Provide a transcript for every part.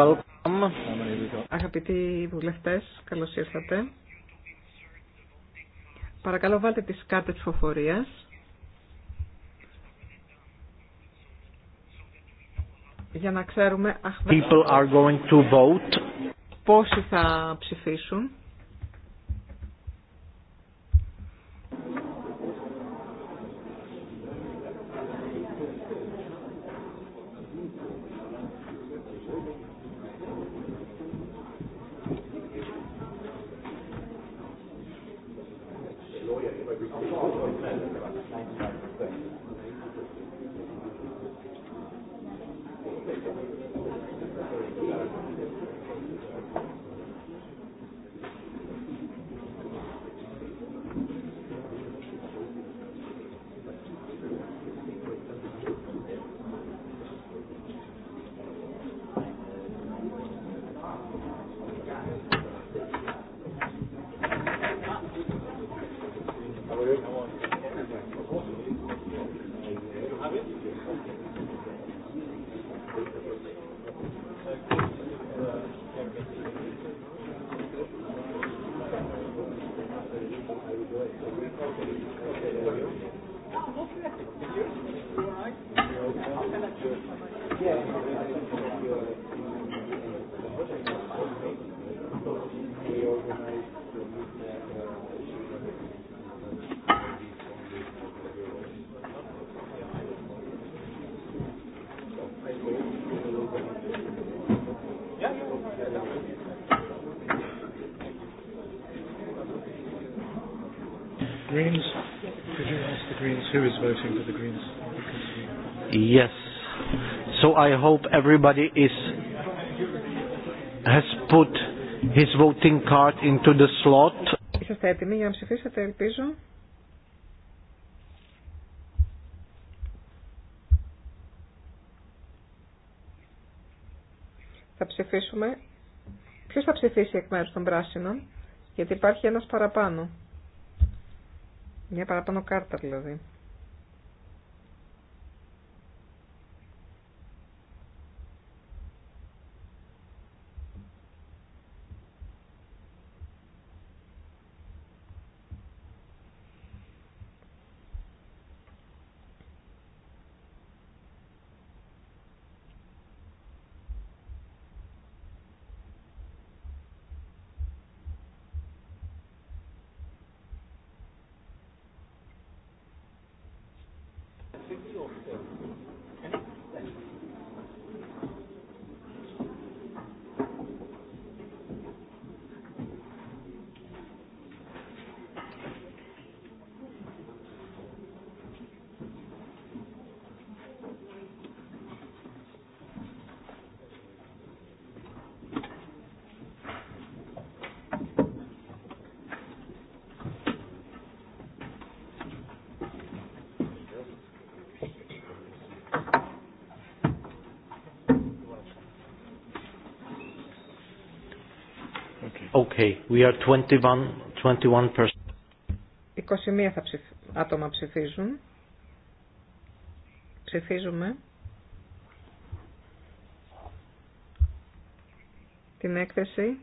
Welcome. Αγαπητοί βουλευτέ, καλώ ήρθατε. Παρακαλώ βάλτε τις κάρτες φοφορίας Για να ξέρουμε People πόσοι θα ψηφίσουν. Who voting for the Greens? Yes. So I hope everybody is has put his voting card into the slot. Είστε έτοιμοι για να ψηφίσετε, ελπίζω. Θα ψηφίσουμε. Ποιος θα ψηφίσει εκ μέρους των πράσινων, γιατί υπάρχει ένας παραπάνω. Μια παραπάνω κάρτα δηλαδή. Και να Okay, we are 21, 21 θα ψηφ... άτομα ψηφίζουν. Ψηφίζουμε. Την έκθεση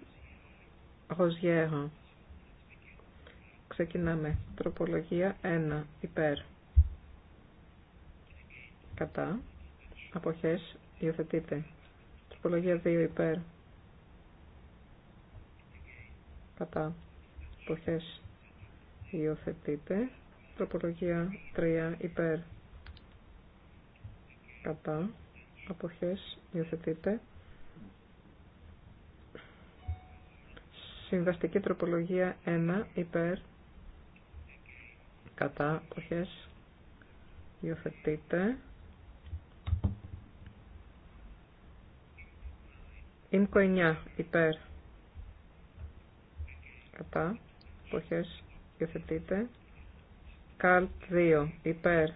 Ροζιέρο. Ξεκινάμε. Τροπολογία 1. Υπέρ. Κατά. Αποχές. υιοθετείτε. Τροπολογία 2. Υπέρ κατά εποχές υιοθετείται. Τροπολογία 3 υπέρ κατά εποχές υιοθετείτε. Συμβαστική τροπολογία 1 υπέρ κατά εποχές υιοθετείτε. Ήμκο 9 υπέρ κατά, αποχές υιοθετείται. Καλτ 2 υπέρ,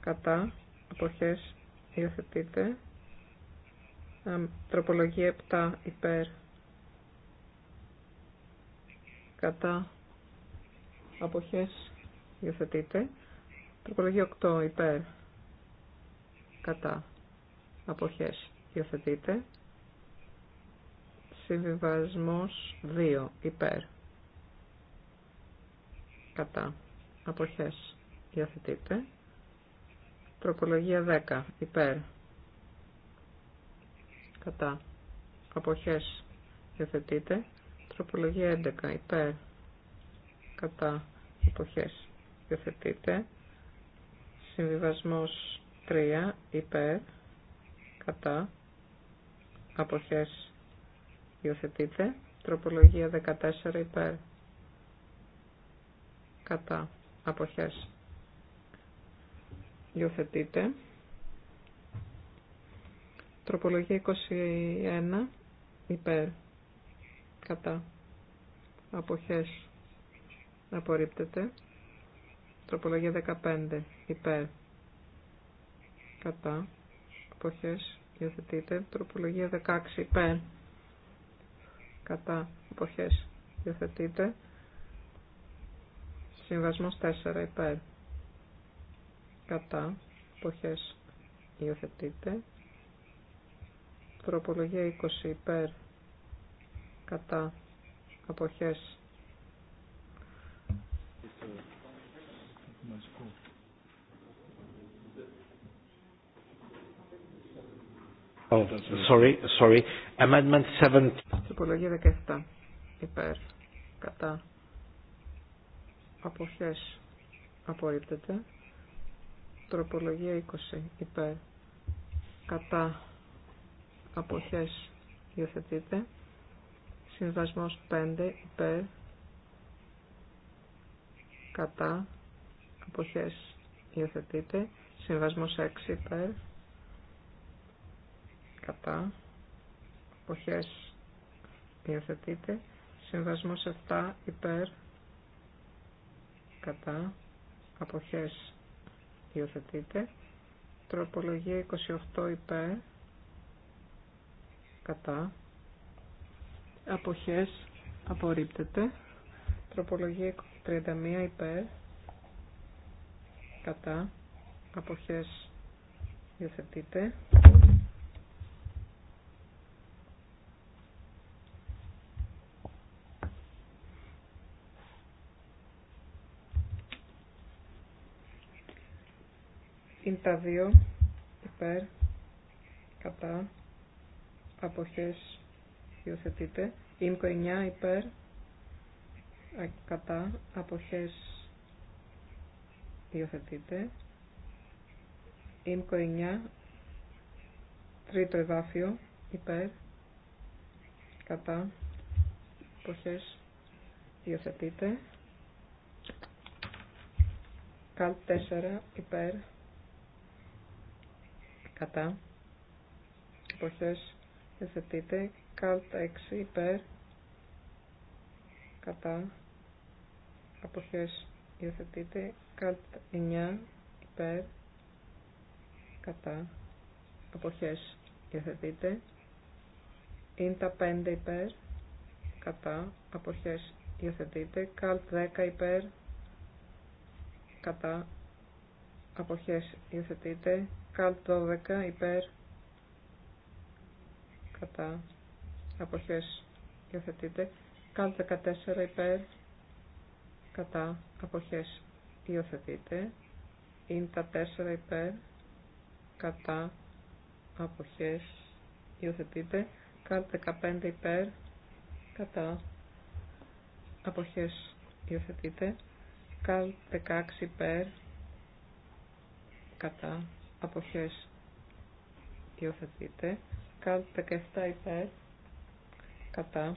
κατά, αποχές υιοθετείται. Τροπολογία 7 υπέρ, κατά, αποχές υιοθετείται. Τροπολογία 8 υπέρ, κατά, αποχές υιοθετείται. Συμβιβασμός 2. Υπέρ. Κατά. Αποχές. Διαθετείτε. Τροπολογία 10. Υπέρ. Κατά. Αποχές. Διαθετείτε. Τροπολογία 11. Υπέρ. Κατά. Αποχές. Διαθετείτε. Συμβιβασμός 3. Υπέρ. Κατά. Αποχές Υιοθετείτε. Τροπολογία 14 υπέρ. Κατά. Αποχές. Υιοθετείτε. Τροπολογία 21 υπέρ. Κατά. Αποχές. Απορρίπτεται. Τροπολογία 15 υπέρ. Κατά. Αποχές. Υιοθετείτε. Τροπολογία 16 υπέρ κατά εποχές Συμβασμός 4 υπέρ κατά εποχές υιοθετείται. Τροπολογία 20 υπέρ κατά εποχές Oh, sorry, sorry. Amendment 7. Τροπολογία 17. Υπέρ. Κατά. Αποχές. Απορρίπτεται. Τροπολογία 20. Υπέρ. Κατά. Αποχές. Υιοθετείται. Συμβασμός 5. Υπέρ. Κατά. Αποχές. Υιοθετείται. Συμβασμός 6. Υπέρ. Κατά αποχές υιοθετείται. Συμβασμός 7 υπέρ κατά αποχές υιοθετείται. Τροπολογία 28 υπέρ κατά αποχές απορρίπτεται. Τροπολογία 31 υπέρ κατά αποχές υιοθετείται. 2 υπέρ κατά αποχές υιοθετείτε, ΙΜΚΟ 9 υπέρ κατά αποχές υιοθετείται ΙΜΚΟ 9 τρίτο εδάφιο υπέρ κατά αποχές υιοθετείτε. ΚΑΛ 4 υπέρ κατά εποχές υιοθετείται καλτ 6 υπέρ κατά εποχές υιοθετείτε καλτ 9 υπέρ κατά εποχές υιοθετείτε είναι τα 5 υπέρ κατά εποχές υιοθετείτε καλτ 10 υπέρ κατά αποχές υιοθετείτε, Καλτ 12 υπέρ κατά αποχές είπ, κατά, Καλτ 14 υπέρ κατά αποχές υιοθετειτε Είναι τα 4 υπέρ κατά αποχές υιοθετειτε Καλτ 15 υπέρ κατά αποχές υιοθετείτε, Καλτ 16 υπέρ κατά αποχές υιοθετείται. Κάτ 17 υπέρ κατά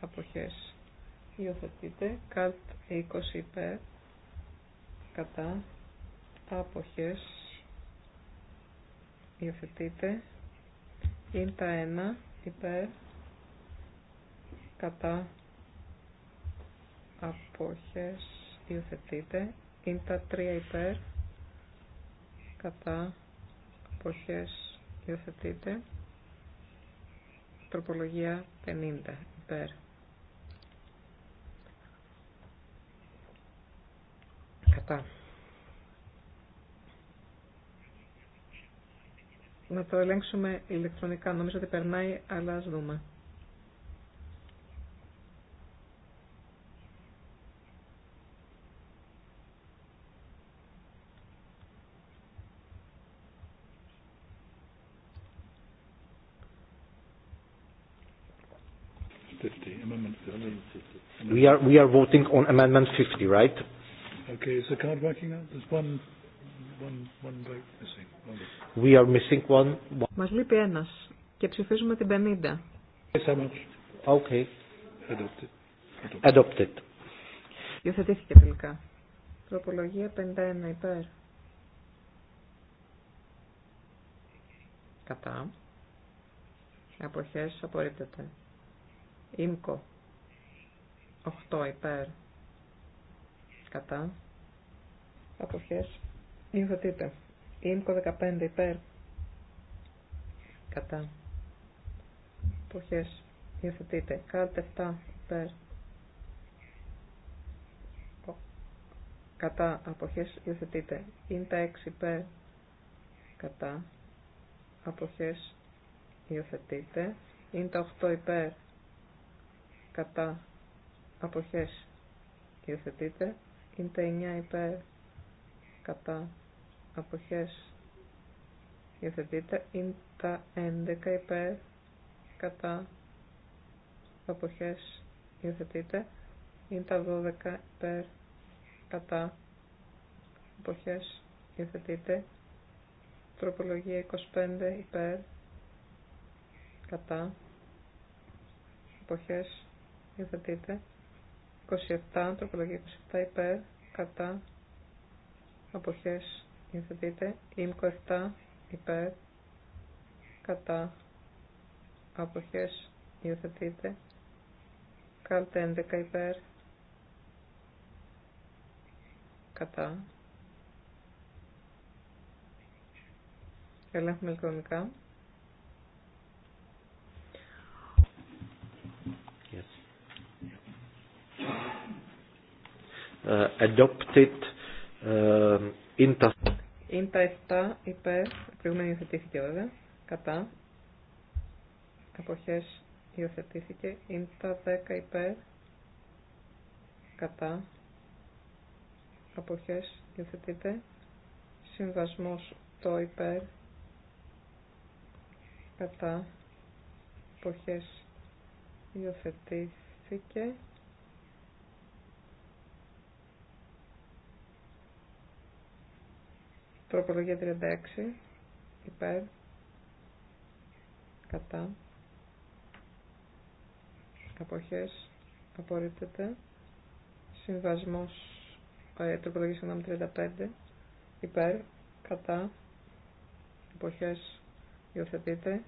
αποχές υιοθετείται. Κάτ 20 υπέρ κατά αποχές υιοθετείται. Είναι τα 1 υπέρ κατά αποχές υιοθετείται. Είναι τα 3 υπέρ κατά αποχές υιοθετείται τροπολογία 50 υπέρ κατά να το ελέγξουμε ηλεκτρονικά νομίζω ότι περνάει αλλά ας δούμε We are we are voting on Amendment 50, right? Okay, is the card working now? There's one one one vote missing. We are missing one. Μας λείπει ένας και ψηφίζουμε την 50. Okay. Adopted. Adopted. Υιοθετήθηκε τελικά. Τροπολογία 51 υπέρ. Κατά. Αποχές απορρίπτεται. Ήμκο 8 υπέρ κατά αποχές υιοθετείτε ΙΜΚΟ 15 υπέρ κατά αποχές υιοθετείτε κάλτε 7 υπέρ κατά αποχές Είναι τα 6 υπέρ κατά αποχές Είναι τα 8 υπέρ κατά αποχές είναι τα 9 υπέρ κατά αποχές είναι τα 11 υπέρ κατά αποχές είναι τα 12 υπέρ κατά αποχές υιοθετείτε, τροπολογία 25 υπέρ κατά αποχές υιοθετείτε 27, τροπολογία 27 υπέρ, κατά, αποχές, υιοθετείτε, Ήμκο 7 υπέρ, κατά, αποχές, υιοθετείτε, Καλτ 11 υπέρ, κατά. Ελέγχουμε ηλεκτρονικά. Ε, adopted in τα 7 υπέρ, προηγούμενη υιοθετήθηκε βέβαια, κατά, αποχές υιοθετήθηκε, είναι τα 10 υπέρ, κατά, αποχέ, υιοθετείται, συμβασμός το υπέρ, κατά, αποχές υιοθετήθηκε, Τροπολογία 36. Υπέρ. Κατά. Αποχές. Απορρίπτεται. Συμβασμός. Ε, τροπολογία 35. Υπέρ. Κατά. Αποχές. Υιοθετείται.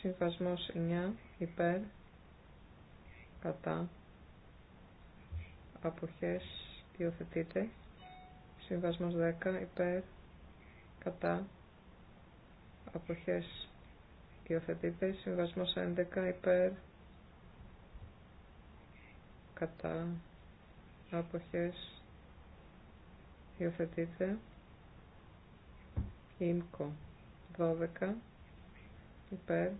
Συμβασμός 9. Υπέρ. Κατά. Αποχές. Υιοθετείται. Συμβασμός 10. Υπέρ κατά αποχές υιοθετείται συμβασμός 11 υπέρ κατά αποχές υιοθετείται ΙΜΚΟ 12 υπέρ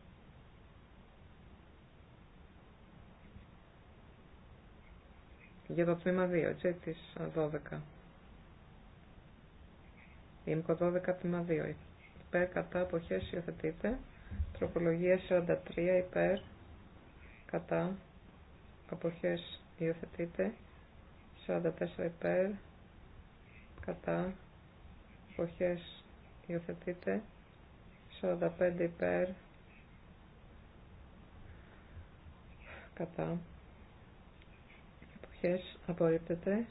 για το τμήμα 2 έτσι της 12 Ήμκο 12 τμήμα 2. Υπέρ κατά αποχέ υιοθετείται. Τροπολογία 43 υπέρ κατά αποχέ υιοθετείται. 44 υπέρ κατά αποχέ υιοθετείται. 45 υπέρ κατά αποχέ απορρίπτεται.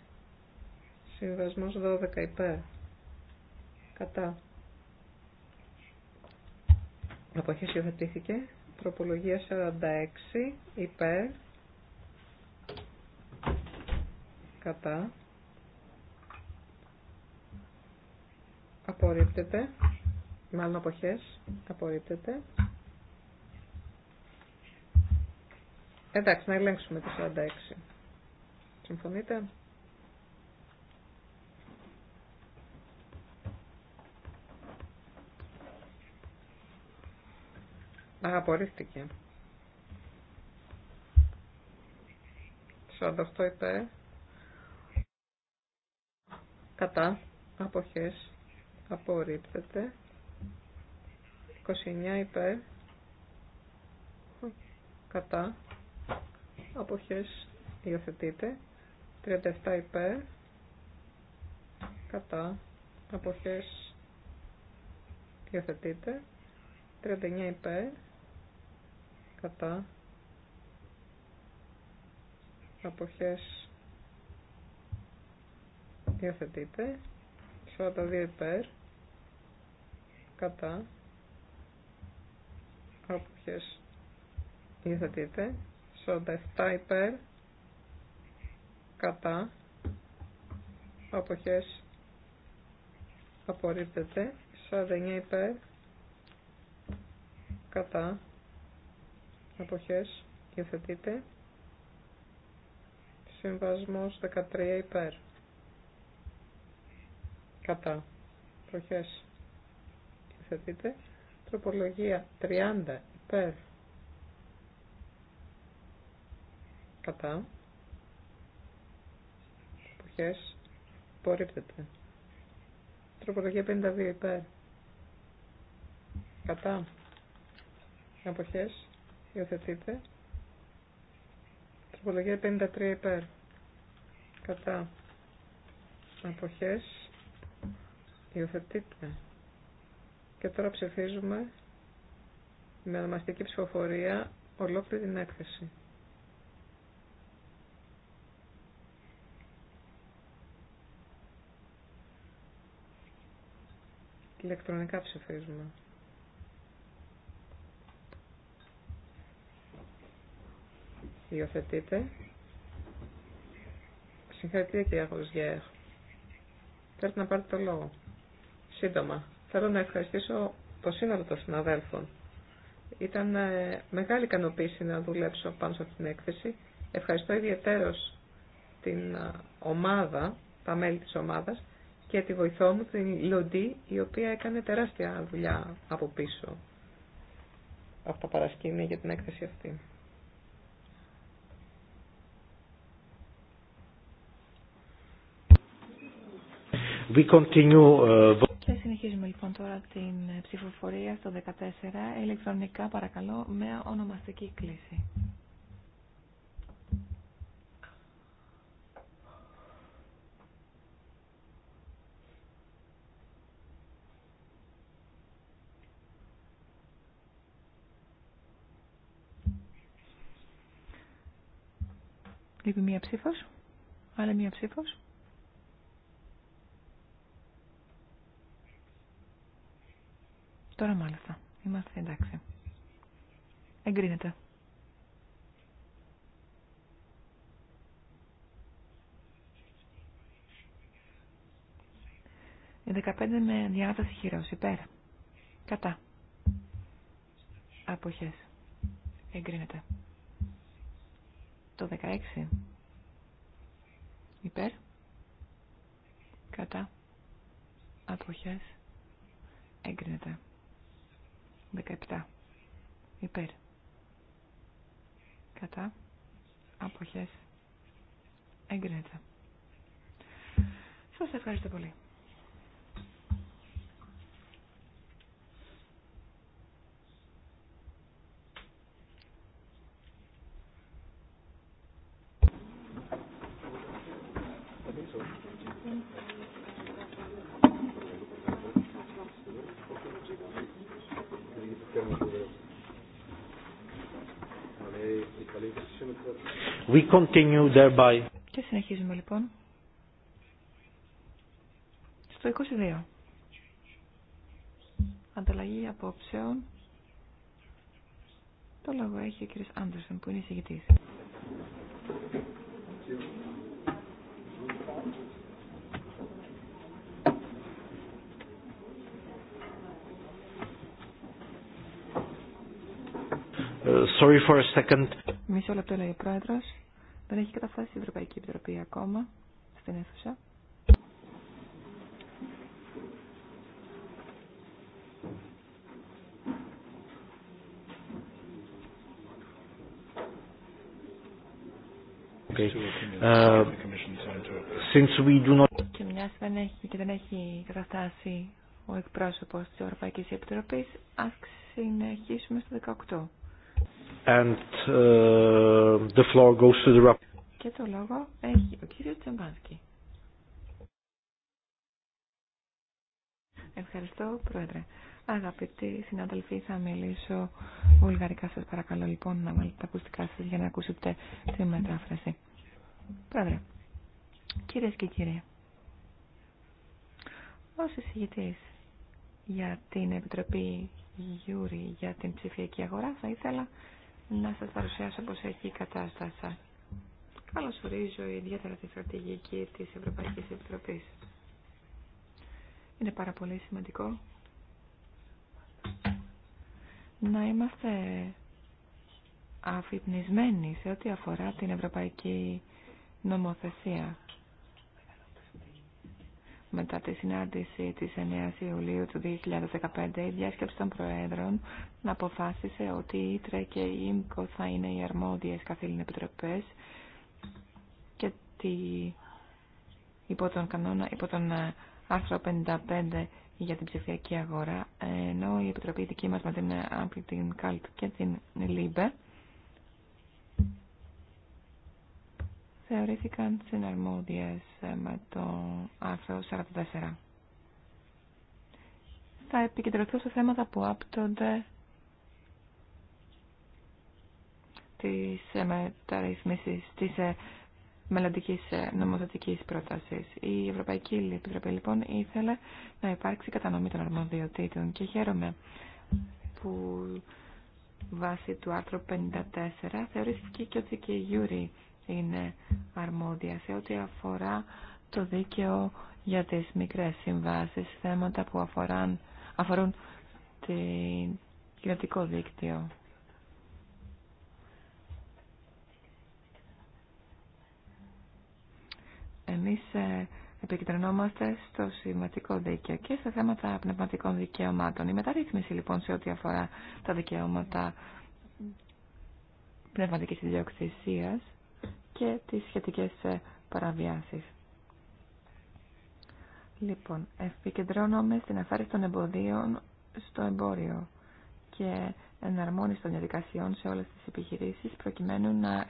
Συμβασμός 12 υπέρ κατά αποχές υιοθετήθηκε τροπολογία 46 υπέρ κατά απορρίπτεται μάλλον αποχές απορρίπτεται εντάξει να ελέγξουμε το 46 συμφωνείτε Απορρίφθηκε. 48 υπέρ. Κατά. Αποχές. Απορρίπτεται. 29 υπέρ. Κατά. Αποχές. Υιοθετείται. 37 υπέρ. Κατά. Αποχές. Υιοθετείται. 39 υπέρ κατά αποχές διαθετείται δύο υπέρ κατά αποχές διαθετείται σοτα7, υπέρ κατά αποχές απορρίπτεται 9 υπέρ κατά εποχές υιοθετείται συμβασμός 13 υπέρ κατά εποχές υιοθετείται τροπολογία 30 υπέρ κατά εποχές απορρίπτεται τροπολογία 52 υπέρ κατά εποχές Υιοθετείτε. Τροπολογία 53 υπέρ. Κατά. Αποχές. Υιοθετείτε. Και τώρα ψηφίζουμε με ονομαστική ψηφοφορία ολόκληρη την έκθεση. Ηλεκτρονικά ψηφίζουμε. Υιοθετείτε. Συγχαρητήρια κυρία Θα Θέλετε να πάρετε το λόγο. Σύντομα. Θέλω να ευχαριστήσω το σύνολο των συναδέλφων. Ήταν ε, μεγάλη ικανοποίηση να δουλέψω πάνω σε αυτήν την έκθεση. Ευχαριστώ ιδιαίτερος την ε, ομάδα, τα μέλη της ομάδας και τη βοηθό μου, την Λοντή, η οποία έκανε τεράστια δουλειά από πίσω από τα παρασκήνια για την έκθεση αυτή. We continue, uh, Και συνεχίζουμε λοιπόν τώρα την ε, ψηφοφορία στο 14, ηλεκτρονικά παρακαλώ, με ονομαστική κλίση. Λείπει μία ψήφος, άλλη μία ψήφος. Τώρα μάλιστα. Είμαστε εντάξει. Εγκρίνεται. Η 15 με διάταση χειρός. Υπέρ. Κατά. Αποχές. Εγκρίνεται. Το 16. Υπέρ. Κατά. Αποχές. Εγκρίνεται. 17. Υπέρ. Κατά. Αποχές. Εγκρίνεται. Σας ευχαριστώ πολύ. We continue thereby. Και συνεχίζουμε λοιπόν. Στο 22. Ανταλλαγή απόψεων. Το λόγο έχει ο κ. Άντερσον που είναι εισηγητής. sorry for a second. Μισό λεπτό λέει ο Πρόεδρος. Δεν έχει καταφάσει η Ευρωπαϊκή Επιτροπή ακόμα στην αίθουσα. Uh, since we do not... Και μια δεν έχει και δεν έχει καταφτάσει ο εκπρόσωπος της Ευρωπαϊκής Επιτροπής, ας συνεχίσουμε στο 18. Uh, και το λόγο έχει ο κύριος Ευχαριστώ, Πρόεδρε. Αγαπητοί συνάδελφοι, θα μιλήσω βουλγαρικά σας παρακαλώ λοιπόν να βάλετε τα ακουστικά σας για να ακούσετε τη μετάφραση. Πρόεδρε, κυρίες και κύριοι, ως εισηγητής για την Επιτροπή Γιούρη για την ψηφιακή αγορά θα ήθελα να σας παρουσιάσω πώς έχει η κατάσταση. Καλώς ορίζω ιδιαίτερα τη στρατηγική της Ευρωπαϊκής Επιτροπής. Είναι πάρα πολύ σημαντικό να είμαστε αφυπνισμένοι σε ό,τι αφορά την ευρωπαϊκή νομοθεσία μετά τη συνάντηση της 9 Ιουλίου του 2015, η διάσκεψη των Προέδρων αποφάσισε ότι η ΙΤΡΕ και η ΙΜΚΟ θα είναι οι αρμόδιες καθήλυν επιτροπές και τη... υπό, τον κανόνα, υπό τον ε, άρθρο 55 για την ψηφιακή αγορά, ενώ η Επιτροπή δική μας με την ΑΜΠΛ, την ΚΑΛΤ και την ΛΥΜΠΕ θεωρήθηκαν συναρμόδιες με το άρθρο 44. Θα επικεντρωθώ σε θέματα που άπτονται της μεταρρυθμίσης, της ε, μελλοντική ε, νομοθετική πρόταση. Η Ευρωπαϊκή Επιτροπή λοιπόν ήθελε να υπάρξει κατανομή των αρμοδιοτήτων και χαίρομαι που βάσει του άρθρου 54 θεωρήθηκε και ότι και η Γιούρη είναι αρμόδια σε ό,τι αφορά το δίκαιο για τις μικρές συμβάσεις, θέματα που αφοράν, αφορούν το κοινωτικό δίκτυο. Εμείς ε, επικεντρωνόμαστε στο σημαντικό δίκαιο και στα θέματα πνευματικών δικαιωμάτων. Η μεταρρύθμιση λοιπόν σε ό,τι αφορά τα δικαιώματα πνευματικής ιδιοκτησίας και τις σχετικές ε, παραβιάσεις. Λοιπόν, επικεντρώνομαι στην αφαίρεση των εμποδίων στο εμπόριο και εναρμόνιση των διαδικασιών σε όλες τις επιχειρήσεις προκειμένου να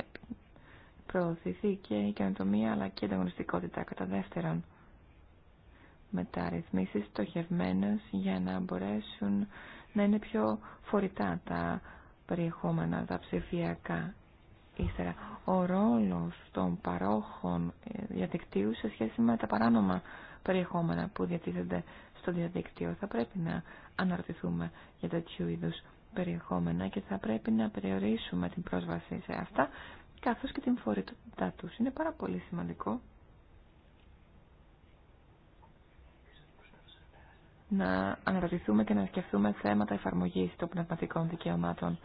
προωθηθεί και η καινοτομία αλλά και η ανταγωνιστικότητα. Κατά δεύτερον, μεταρρυθμίσεις στοχευμένες για να μπορέσουν να είναι πιο φορητά τα περιεχόμενα, τα ψηφιακά Ύστερα, ο ρόλος των παρόχων ε, διαδικτύου σε σχέση με τα παράνομα περιεχόμενα που διατίθενται στο διαδίκτυο. Θα πρέπει να αναρωτηθούμε για τέτοιου είδους περιεχόμενα και θα πρέπει να περιορίσουμε την πρόσβαση σε αυτά, καθώς και την φορητότητά τους. Είναι πάρα πολύ σημαντικό να αναρωτηθούμε και να σκεφτούμε θέματα εφαρμογής των πνευματικών δικαιωμάτων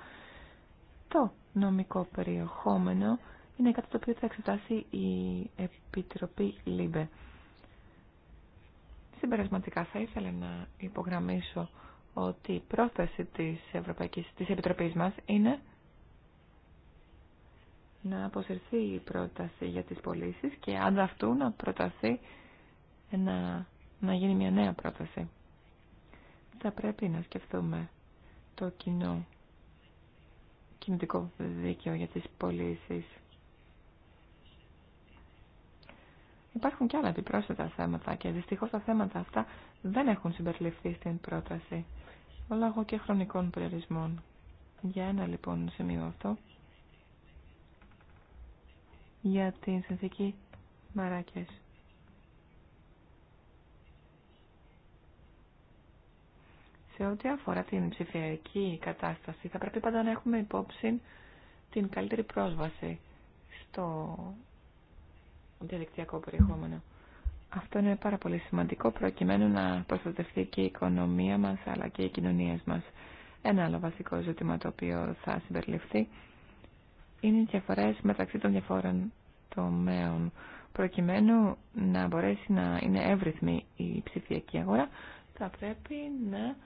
το νομικό περιεχόμενο είναι κάτι το οποίο θα εξετάσει η Επιτροπή ΛΥΜΠΕ. Συμπερασματικά θα ήθελα να υπογραμμίσω ότι η πρόθεση της, Ευρωπαϊκής, της Επιτροπής μας είναι να αποσυρθεί η πρόταση για τις πωλήσει και αν αυτού να προταθεί να, να γίνει μια νέα πρόταση. Θα πρέπει να σκεφτούμε το κοινό κινητικό δίκαιο για τις πωλήσει. Υπάρχουν και άλλα επιπρόσθετα θέματα και δυστυχώς τα θέματα αυτά δεν έχουν συμπεριληφθεί στην πρόταση λόγω και χρονικών περιορισμών. Για ένα λοιπόν σημείο αυτό για την συνθήκη Μαράκες. σε ό,τι αφορά την ψηφιακή κατάσταση θα πρέπει πάντα να έχουμε υπόψη την καλύτερη πρόσβαση στο διαδικτυακό περιεχόμενο. Αυτό είναι πάρα πολύ σημαντικό προκειμένου να προστατευτεί και η οικονομία μας αλλά και οι κοινωνίες μας. Ένα άλλο βασικό ζήτημα το οποίο θα συμπεριληφθεί είναι οι διαφορές μεταξύ των διαφόρων τομέων προκειμένου να μπορέσει να είναι εύρυθμη η ψηφιακή αγορά θα πρέπει να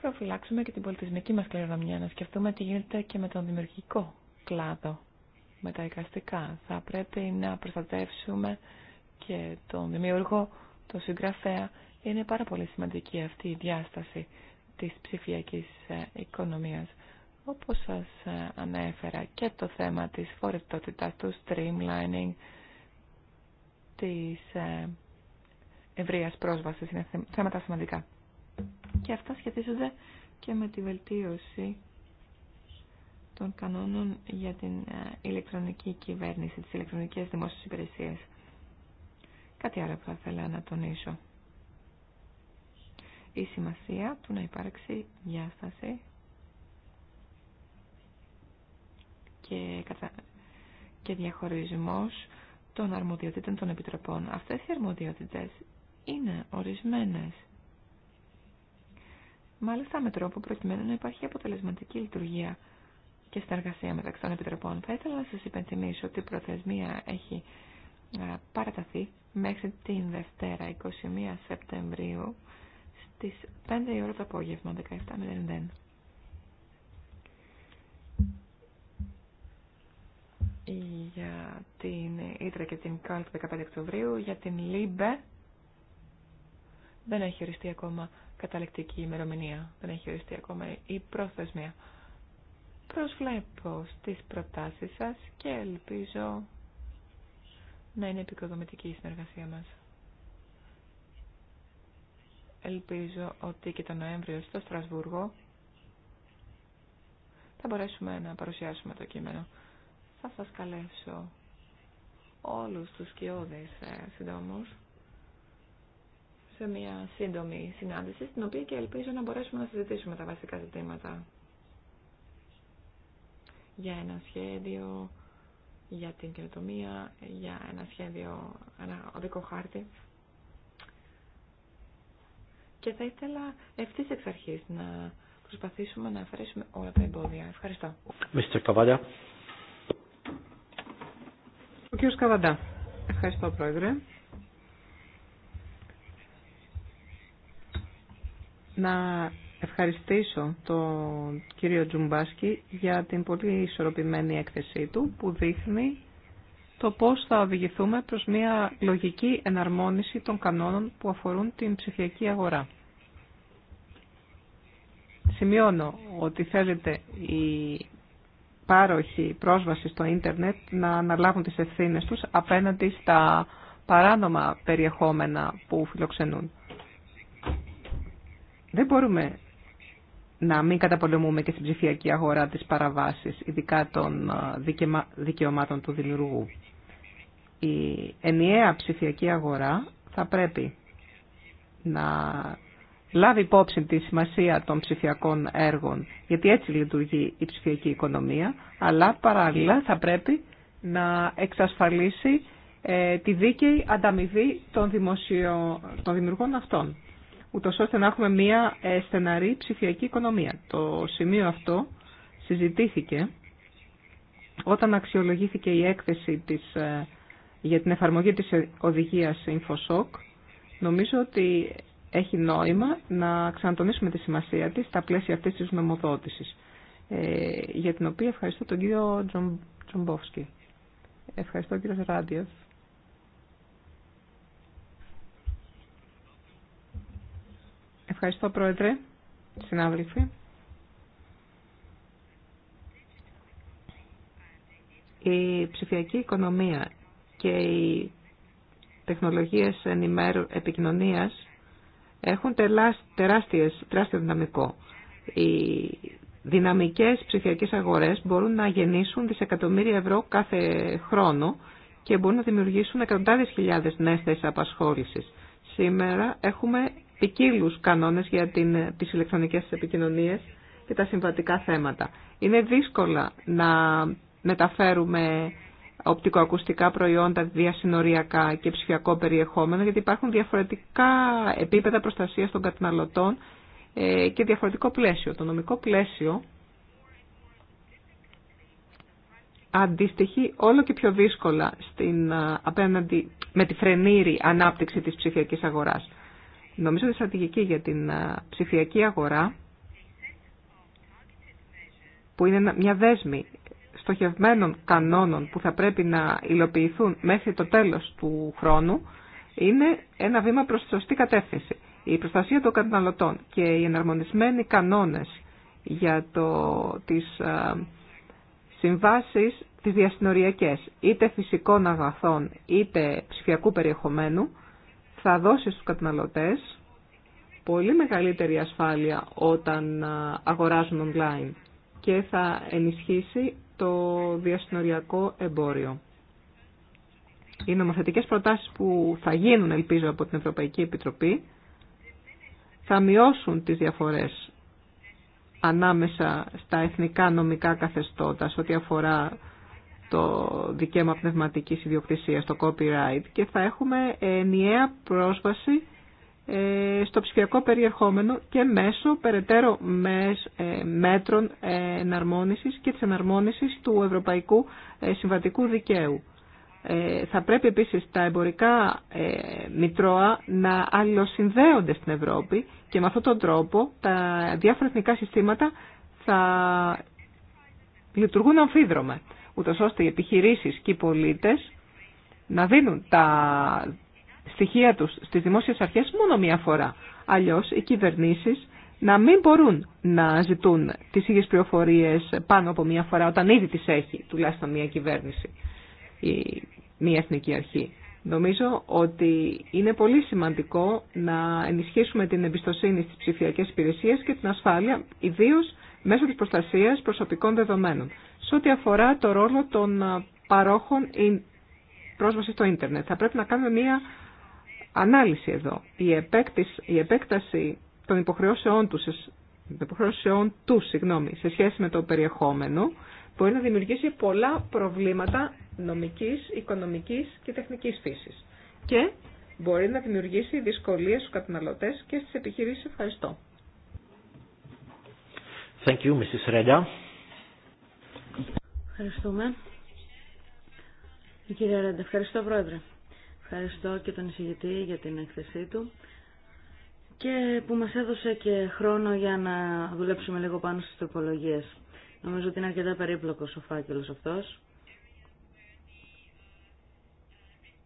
προφυλάξουμε και την πολιτισμική μας κληρονομιά, να σκεφτούμε τι γίνεται και με τον δημιουργικό κλάδο, με τα εικαστικά. Θα πρέπει να προστατεύσουμε και τον δημιουργό, τον συγγραφέα. Είναι πάρα πολύ σημαντική αυτή η διάσταση της ψηφιακής ε, οικονομίας. Όπως σας ε, ανέφερα και το θέμα της φορευτότητας, του streamlining, της ε, ευρείας πρόσβασης είναι θέματα σημαντικά. Και αυτά σχετίζονται και με τη βελτίωση των κανόνων για την ε, ηλεκτρονική κυβέρνηση, τις ηλεκτρονικές δημόσιες υπηρεσίες. Κάτι άλλο που θα ήθελα να τονίσω. Η σημασία του να υπάρξει διάσταση και, κατα... και διαχωρισμός των αρμοδιοτήτων των επιτροπών. Αυτές οι αρμοδιότητες είναι ορισμένες μάλιστα με τρόπο προκειμένου να υπάρχει αποτελεσματική λειτουργία και συνεργασία μεταξύ των επιτροπών. Θα ήθελα να σας υπενθυμίσω ότι η προθεσμία έχει παραταθεί μέχρι την Δευτέρα 21 Σεπτεμβρίου στις 5 η ώρα το απόγευμα 17.00. για την Ήτρα και την ΚΑΛΤ 15 Οκτωβρίου, για την Λίμπε δεν έχει οριστεί ακόμα καταληκτική ημερομηνία. Δεν έχει οριστεί ακόμα η προθεσμία. Προσβλέπω στις προτάσεις σας και ελπίζω να είναι επικοδομητική η συνεργασία μας. Ελπίζω ότι και τον Νοέμβριο στο Στρασβούργο θα μπορέσουμε να παρουσιάσουμε το κείμενο. Θα σας καλέσω όλους τους κοιόδες ε, συντόμους σε μια σύντομη συνάντηση, στην οποία και ελπίζω να μπορέσουμε να συζητήσουμε τα βασικά ζητήματα για ένα σχέδιο, για την καινοτομία, για ένα σχέδιο, ένα οδικό χάρτη. Και θα ήθελα ευθύ εξ αρχή να προσπαθήσουμε να αφαιρέσουμε όλα τα εμπόδια. Ευχαριστώ. Mr. Ο κ. Καβαντά. Ευχαριστώ, Πρόεδρε. να ευχαριστήσω τον κύριο Τζουμπάσκι για την πολύ ισορροπημένη έκθεσή του που δείχνει το πώς θα οδηγηθούμε προς μια λογική εναρμόνιση των κανόνων που αφορούν την ψηφιακή αγορά. Σημειώνω ότι θέλετε η πάροχοι πρόσβαση στο ίντερνετ να αναλάβουν τις ευθύνες τους απέναντι στα παράνομα περιεχόμενα που φιλοξενούν. Δεν μπορούμε να μην καταπολεμούμε και στην ψηφιακή αγορά τις παραβάσεις, ειδικά των ε, δικαιωμάτων του δημιουργού. Η ενιαία ψηφιακή αγορά θα πρέπει να λάβει υπόψη τη σημασία των ψηφιακών έργων, γιατί έτσι λειτουργεί η ψηφιακή οικονομία, αλλά παράλληλα θα πρέπει να εξασφαλίσει ε, τη δίκαιη ανταμοιβή δημοσιο... των δημιουργών αυτών ούτως ώστε να έχουμε μια ε, στεναρή ψηφιακή οικονομία. Το σημείο αυτό συζητήθηκε όταν αξιολογήθηκε η έκθεση της, ε, για την εφαρμογή της ε, οδηγίας InfoSoc. Νομίζω ότι έχει νόημα να ξανατονίσουμε τη σημασία της στα πλαίσια αυτής της νομοδότησης, για την οποία ευχαριστώ τον κύριο Τζομπόφσκι. Ευχαριστώ κύριο Ράντιεφ. Ευχαριστώ Πρόεδρε, συνάδελφοι. Η ψηφιακή οικονομία και οι τεχνολογίες ενημέρου, επικοινωνίας έχουν τεράστιες, τεράστιο δυναμικό. Οι δυναμικές ψηφιακές αγορές μπορούν να γεννήσουν δισεκατομμύρια ευρώ κάθε χρόνο και μπορούν να δημιουργήσουν εκατοντάδες χιλιάδες νέες θέσεις απασχόλησης. Σήμερα έχουμε ποικίλου κανόνε για τι ηλεκτρονικέ επικοινωνίε και τα συμβατικά θέματα. Είναι δύσκολα να μεταφέρουμε οπτικοακουστικά προϊόντα διασυνοριακά και ψηφιακό περιεχόμενο, γιατί υπάρχουν διαφορετικά επίπεδα προστασίας των καταναλωτών ε, και διαφορετικό πλαίσιο. Το νομικό πλαίσιο αντιστοιχεί όλο και πιο δύσκολα στην, ε, απέναντι, με τη φρενήρη ανάπτυξη της ψηφιακής αγοράς. Νομίζω ότι η στρατηγική για την ψηφιακή αγορά, που είναι μια δέσμη στοχευμένων κανόνων που θα πρέπει να υλοποιηθούν μέχρι το τέλος του χρόνου, είναι ένα βήμα προς τη σωστή κατεύθυνση. Η προστασία των καταναλωτών και οι εναρμονισμένοι κανόνες για το, τις α, συμβάσεις τις διασυνοριακές, είτε φυσικών αγαθών είτε ψηφιακού περιεχομένου, θα δώσει στους καταναλωτές πολύ μεγαλύτερη ασφάλεια όταν αγοράζουν online και θα ενισχύσει το διασυνοριακό εμπόριο. Οι νομοθετικές προτάσεις που θα γίνουν, ελπίζω, από την Ευρωπαϊκή Επιτροπή θα μειώσουν τις διαφορές ανάμεσα στα εθνικά νομικά καθεστώτα σε ό,τι αφορά το δικαίωμα πνευματικής ιδιοκτησίας, το copyright και θα έχουμε ενιαία πρόσβαση ε, στο ψηφιακό περιεχόμενο και μέσω περαιτέρω ε, μέτρων εναρμόνισης και της εναρμόνισης του Ευρωπαϊκού ε, Συμβατικού Δικαίου. Θα πρέπει επίσης τα εμπορικά μητρώα να αλληλοσυνδέονται στην Ευρώπη και με αυτόν τον τρόπο τα διάφορα εθνικά συστήματα θα λειτουργούν αμφίδρομα ούτως ώστε οι επιχειρήσεις και οι πολίτες να δίνουν τα στοιχεία τους στις δημόσιες αρχές μόνο μία φορά. Αλλιώς οι κυβερνήσεις να μην μπορούν να ζητούν τις ίδιες πληροφορίες πάνω από μία φορά όταν ήδη τις έχει τουλάχιστον μία κυβέρνηση ή μία εθνική αρχή. Νομίζω ότι είναι πολύ σημαντικό να ενισχύσουμε την εμπιστοσύνη στις ψηφιακές υπηρεσίες και την ασφάλεια, ιδίως μέσω της προστασίας προσωπικών δεδομένων. Σε ό,τι αφορά το ρόλο των ε, παρόχων πρόσβαση στο ίντερνετ, θα πρέπει να κάνουμε μία ανάλυση εδώ. Η, η επέκταση των υποχρεώσεών του των σε σχέση με το περιεχόμενο μπορεί να δημιουργήσει πολλά προβλήματα νομικής, οικονομικής και τεχνικής φύσης. Και μπορεί να δημιουργήσει δυσκολίες στους καταναλωτές και στις επιχειρήσεις. Ευχαριστώ. Thank you, Mrs. Reda. Ευχαριστούμε. Κύριε Ρέντα, ευχαριστώ Πρόεδρε. Ευχαριστώ και τον εισηγητή για την έκθεσή του και που μας έδωσε και χρόνο για να δουλέψουμε λίγο πάνω στις τροπολογίες. Νομίζω ότι είναι αρκετά περίπλοκος ο φάκελος αυτός.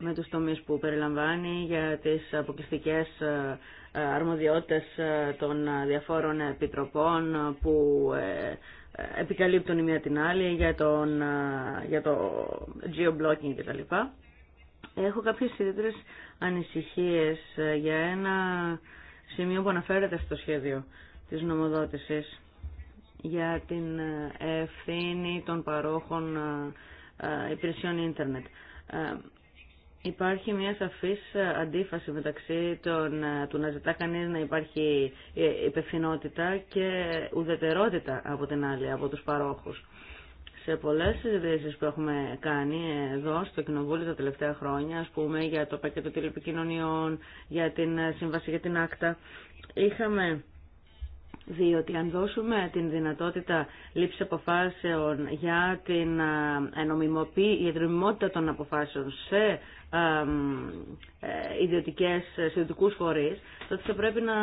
με τους τομείς που περιλαμβάνει για τις αποκλειστικές ε, ε, αρμοδιότητες ε, των διαφόρων επιτροπών που επικαλύπτουν η μία την άλλη για, τον, για το geo-blocking κτλ. Έχω κάποιες ιδιαίτερες ανησυχίες για ένα σημείο που αναφέρεται στο σχέδιο της νομοδότησης για την ευθύνη των παρόχων υπηρεσιών ίντερνετ. Υπάρχει μια σαφής ε, αντίφαση μεταξύ των, ε, του να ζητά κανείς να υπάρχει ε, υπευθυνότητα και ουδετερότητα από την άλλη, από τους παρόχους. Σε πολλές συζητήσει που έχουμε κάνει εδώ στο Κοινοβούλιο τα τελευταία χρόνια, ας πούμε για το πακέτο τηλεπικοινωνιών, για την σύμβαση για την άκτα, είχαμε διότι αν δώσουμε την δυνατότητα λήψη αποφάσεων για την ενομιμότητα των αποφάσεων σε ε, ιδιωτικές, σε ιδιωτικούς φορείς, τότε θα πρέπει να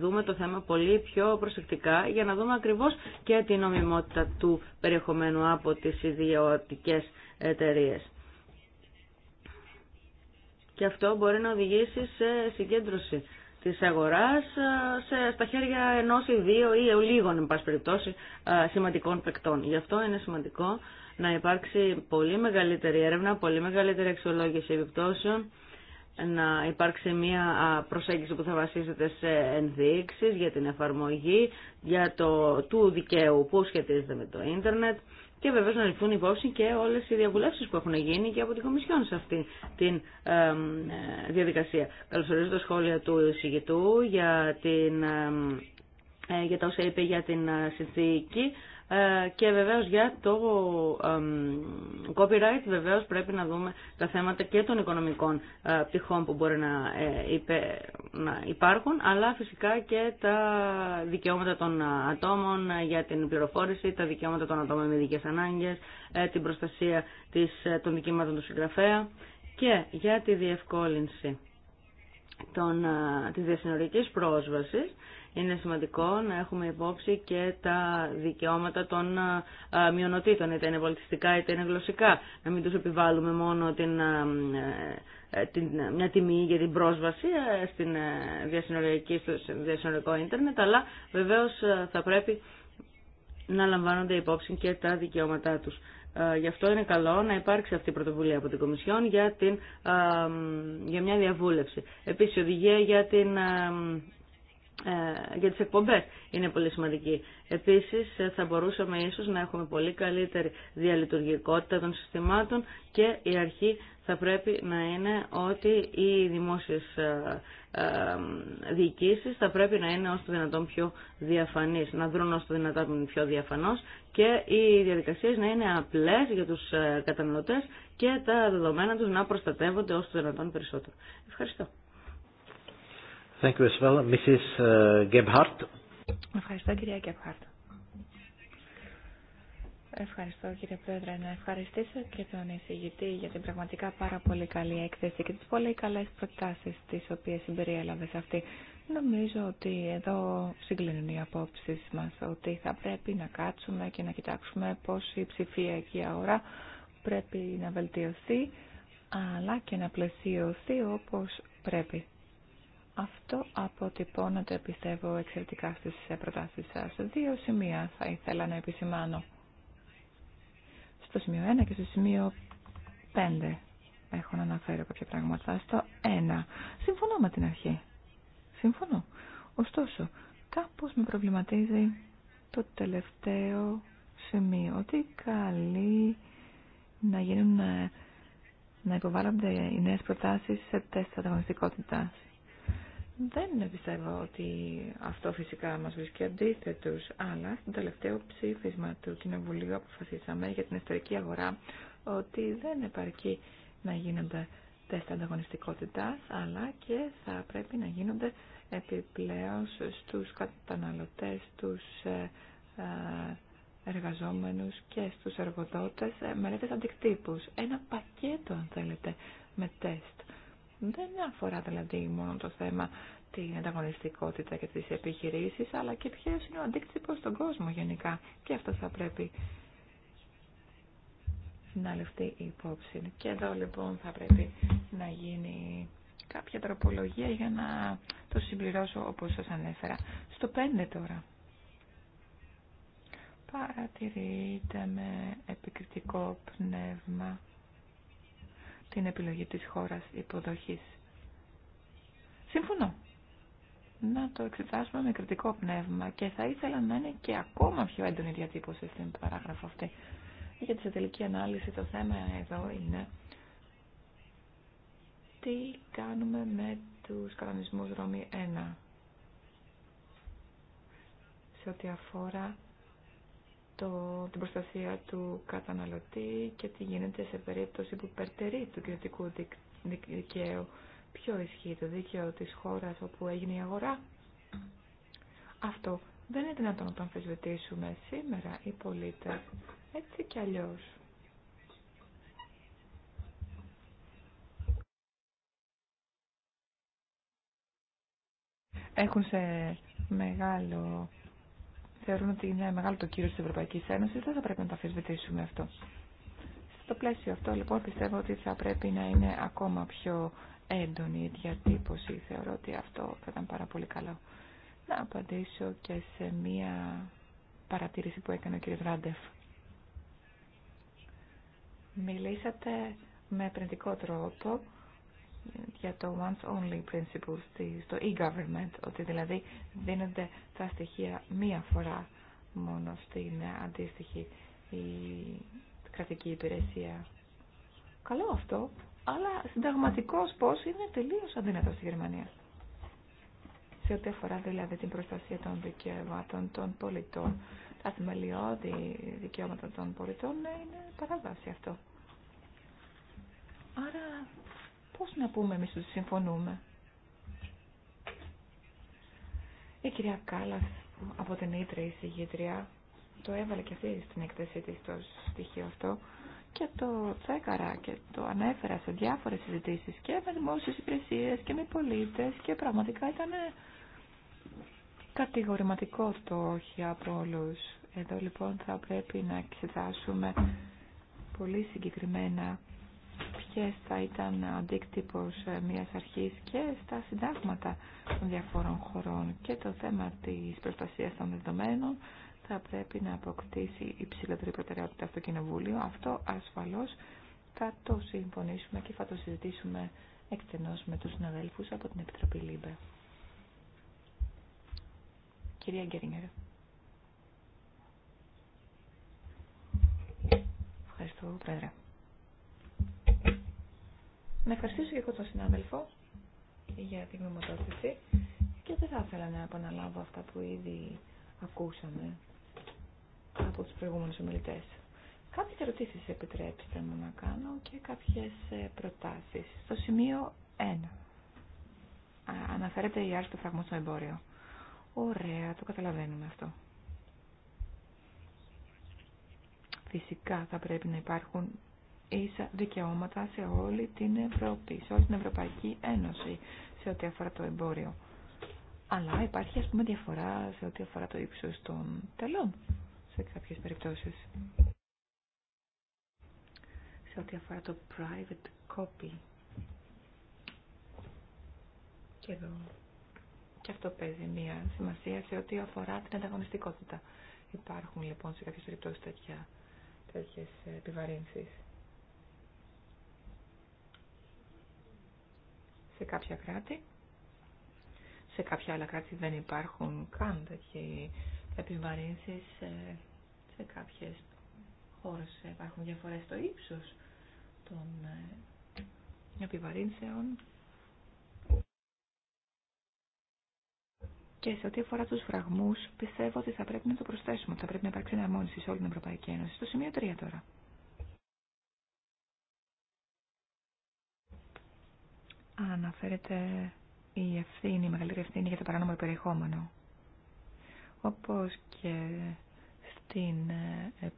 δούμε το θέμα πολύ πιο προσεκτικά για να δούμε ακριβώς και την νομιμότητα του περιεχομένου από τις ιδιωτικές εταιρείε. Και αυτό μπορεί να οδηγήσει σε συγκέντρωση της αγοράς ε, στα χέρια ενός ή δύο ή λίγων, εν πάση περιπτώσει, ε, σημαντικών παικτών. Γι' αυτό είναι σημαντικό να υπάρξει πολύ μεγαλύτερη έρευνα, πολύ μεγαλύτερη αξιολόγηση επιπτώσεων, να υπάρξει μια προσέγγιση που θα βασίζεται σε ενδείξεις για την εφαρμογή για το, του δικαίου που σχετίζεται με το ίντερνετ και βεβαίω να ληφθούν υπόψη και όλες οι διαβουλεύσεις που έχουν γίνει και από την Κομισιόν σε αυτή τη ε, διαδικασία. Καλωσορίζω τα σχόλια του εισηγητού για την ε, για τα όσα είπε για την ε, συνθήκη. Ε, και βεβαίως για το copyright βεβαίως πρέπει να δούμε τα θέματα και των οικονομικών ε, πτυχών που μπορεί ε, να υπάρχουν αλλά φυσικά και τα δικαιώματα των ατόμων για την πληροφόρηση, τα δικαιώματα των ατόμων με ειδικές ανάγκες, την προστασία των δικαιωμάτων του συγγραφέα και για τη διευκόλυνση των, της διασυνορικής πρόσβασης είναι σημαντικό να έχουμε υπόψη και τα δικαιώματα των ε, μειονοτήτων, είτε είναι πολιτιστικά είτε είναι γλωσσικά. Να μην τους επιβάλλουμε μόνο την, ε, ε, την, μια τιμή για την πρόσβαση στην διασυνοριακή, στο διασυνοριακό ίντερνετ, αλλά βεβαίως θα πρέπει να λαμβάνονται υπόψη και τα δικαιώματά τους. Γι' αυτό είναι καλό να υπάρξει αυτή η πρωτοβουλία από την Κομισιόν για, την, για μια διαβούλευση. Επίσης, οδηγία για την ε, για τις εκπομπές είναι πολύ σημαντική. Επίσης ε, θα μπορούσαμε ίσως να έχουμε πολύ καλύτερη διαλειτουργικότητα των συστημάτων και η αρχή θα πρέπει να είναι ότι οι δημόσιες ε, διοικήσεις θα πρέπει να είναι όσο το δυνατόν πιο διαφανείς, να δρουν όσο το δυνατόν πιο διαφανώς και οι διαδικασίες να είναι απλές για τους καταναλωτές και τα δεδομένα τους να προστατεύονται όσο το δυνατόν περισσότερο. Ευχαριστώ. Thank you as uh, Ευχαριστώ κυρία Gebhardt. Ευχαριστώ κύριε Πρόεδρε. Να ευχαριστήσω και τον εισηγητή για την πραγματικά πάρα πολύ καλή έκθεση και τις πολύ καλές προτάσεις τις οποίες συμπεριέλαβε σε αυτή. Νομίζω ότι εδώ συγκλίνουν οι απόψει μας ότι θα πρέπει να κάτσουμε και να κοιτάξουμε πώς η ψηφιακή αγορά πρέπει να βελτιωθεί αλλά και να πλαισιωθεί όπως πρέπει. Αυτό αποτυπώνεται, πιστεύω, εξαιρετικά στις ε, προτάσεις σας. Δύο σημεία θα ήθελα να επισημάνω. Στο σημείο 1 και στο σημείο 5 έχω να αναφέρω κάποια πράγματα. Στο 1. Συμφωνώ με την αρχή. Συμφωνώ. Ωστόσο, κάπως με προβληματίζει το τελευταίο σημείο. Ότι καλεί να γίνουν ε, να υποβάλλονται οι νέες προτάσεις σε τεστ ανταγωνιστικότητας. Δεν πιστεύω ότι αυτό φυσικά μας βρίσκει αντίθετους, αλλά στο τελευταίο ψήφισμα του Κοινοβουλίου αποφασίσαμε για την ιστορική αγορά ότι δεν επαρκεί να γίνονται τεστ ανταγωνιστικότητας, αλλά και θα πρέπει να γίνονται επιπλέον στους καταναλωτές, στους ε, ε, εργαζόμενους και στους εργοδότες ε, μελέτες αντικτύπους. Ένα πακέτο, αν θέλετε, με τεστ δεν αφορά δηλαδή μόνο το θέμα την ανταγωνιστικότητα και τις επιχειρήσεις, αλλά και ποιο είναι ο αντίκτυπος στον κόσμο γενικά. Και αυτό θα πρέπει να λεφτεί υπόψη. Και εδώ λοιπόν θα πρέπει να γίνει κάποια τροπολογία για να το συμπληρώσω όπως σας ανέφερα. Στο 5 τώρα. Παρατηρείται με επικριτικό πνεύμα την επιλογή της χώρας υποδοχής. Συμφωνώ. Να το εξετάσουμε με κριτικό πνεύμα και θα ήθελα να είναι και ακόμα πιο έντονη διατύπωση στην παράγραφο αυτή. Γιατί σε τελική ανάλυση το θέμα εδώ είναι τι κάνουμε με τους κανονισμούς Ρώμη 1 σε ό,τι αφορά το, την προστασία του καταναλωτή και τι γίνεται σε περίπτωση που περτερεί του κοινωτικού δικαίου. Ποιο ισχύει το δίκαιο της χώρας όπου έγινε η αγορά. Αυτό δεν είναι δυνατόν να το αμφισβητήσουμε σήμερα ή πολίτε. έτσι κι αλλιώς. Έχουν σε μεγάλο θεωρούν ότι είναι μεγάλο το κύριο της Ευρωπαϊκής Ένωσης, δεν θα πρέπει να το αφισβητήσουμε αυτό. Στο πλαίσιο αυτό λοιπόν πιστεύω ότι θα πρέπει να είναι ακόμα πιο έντονη η διατύπωση. Θεωρώ ότι αυτό θα ήταν πάρα πολύ καλό. Να απαντήσω και σε μία παρατήρηση που έκανε ο κ. Βράντεφ. Μιλήσατε με πριντικό τρόπο για το once only principle στο e-government, ότι δηλαδή δίνονται τα στοιχεία μία φορά μόνο στην αντίστοιχη η κρατική υπηρεσία. Καλό αυτό, αλλά συνταγματικός πώς είναι τελείως αδύνατο στη Γερμανία. Σε ό,τι αφορά δηλαδή την προστασία των δικαιωμάτων των πολιτών, τα θεμελιώδη δικαιώματα των πολιτών ναι, είναι παραβάση αυτό. Άρα Πώς να πούμε εμείς ότι συμφωνούμε. Η κυρία Κάλλας από την Ήτρα η το έβαλε και αυτή στην έκθεσή της το στοιχείο αυτό και το τσέκαρα και το ανέφερα σε διάφορες συζητήσεις και με δημόσιες υπηρεσίες και με πολίτες και πραγματικά ήταν κατηγορηματικό το όχι από όλους. Εδώ λοιπόν θα πρέπει να εξετάσουμε πολύ συγκεκριμένα και θα ήταν αντίκτυπος ε, μιας αρχής και στα συντάγματα των διαφόρων χωρών και το θέμα της προστασίας των δεδομένων θα πρέπει να αποκτήσει υψηλότερη προτεραιότητα στο Κοινοβούλιο. Αυτό ασφαλώς θα το συμφωνήσουμε και θα το συζητήσουμε εκτενώς με τους συναδέλφους από την Επιτροπή ΛΥΜΠΕ. Κυρία Γκέριγκερ Ευχαριστώ, Πρόεδρε. Να ευχαριστήσω και εγώ τον συνάδελφο για την γνωμοτότηση και δεν θα ήθελα να επαναλάβω αυτά που ήδη ακούσαμε από τους προηγούμενους ομιλητές. Κάποιες ερωτήσεις επιτρέψτε μου να κάνω και κάποιες ε, προτάσεις. Στο σημείο 1 αναφέρεται η άρση του φραγμού στο εμπόριο. Ωραία, το καταλαβαίνουμε αυτό. Φυσικά θα πρέπει να υπάρχουν ίσα δικαιώματα σε όλη την Ευρώπη, σε όλη την Ευρωπαϊκή Ένωση, σε ό,τι αφορά το εμπόριο. Αλλά υπάρχει ας πούμε διαφορά σε ό,τι αφορά το ύψος των τελών, σε κάποιες περιπτώσεις. Σε ό,τι αφορά το private copy. Και εδώ. Και αυτό παίζει μια σημασία σε ό,τι αφορά την ανταγωνιστικότητα. Υπάρχουν λοιπόν σε κάποιες περιπτώσεις τέτοια, τέτοιες επιβαρύνσεις. σε κάποια κράτη. Σε κάποια άλλα κράτη δεν υπάρχουν καν τέτοιες επιβαρύνσεις. Σε κάποιες χώρες υπάρχουν διαφορές στο ύψος των ε, επιβαρύνσεων. Και σε ό,τι αφορά του φραγμού, πιστεύω ότι θα πρέπει να το προσθέσουμε. Θα πρέπει να υπάρξει εναρμόνιση σε όλη την Ευρωπαϊκή Ένωση. Στο σημείο 3 τώρα. αναφέρεται η ευθύνη, η μεγαλύτερη ευθύνη για το παράνομο περιεχόμενο. Όπως και στην ε,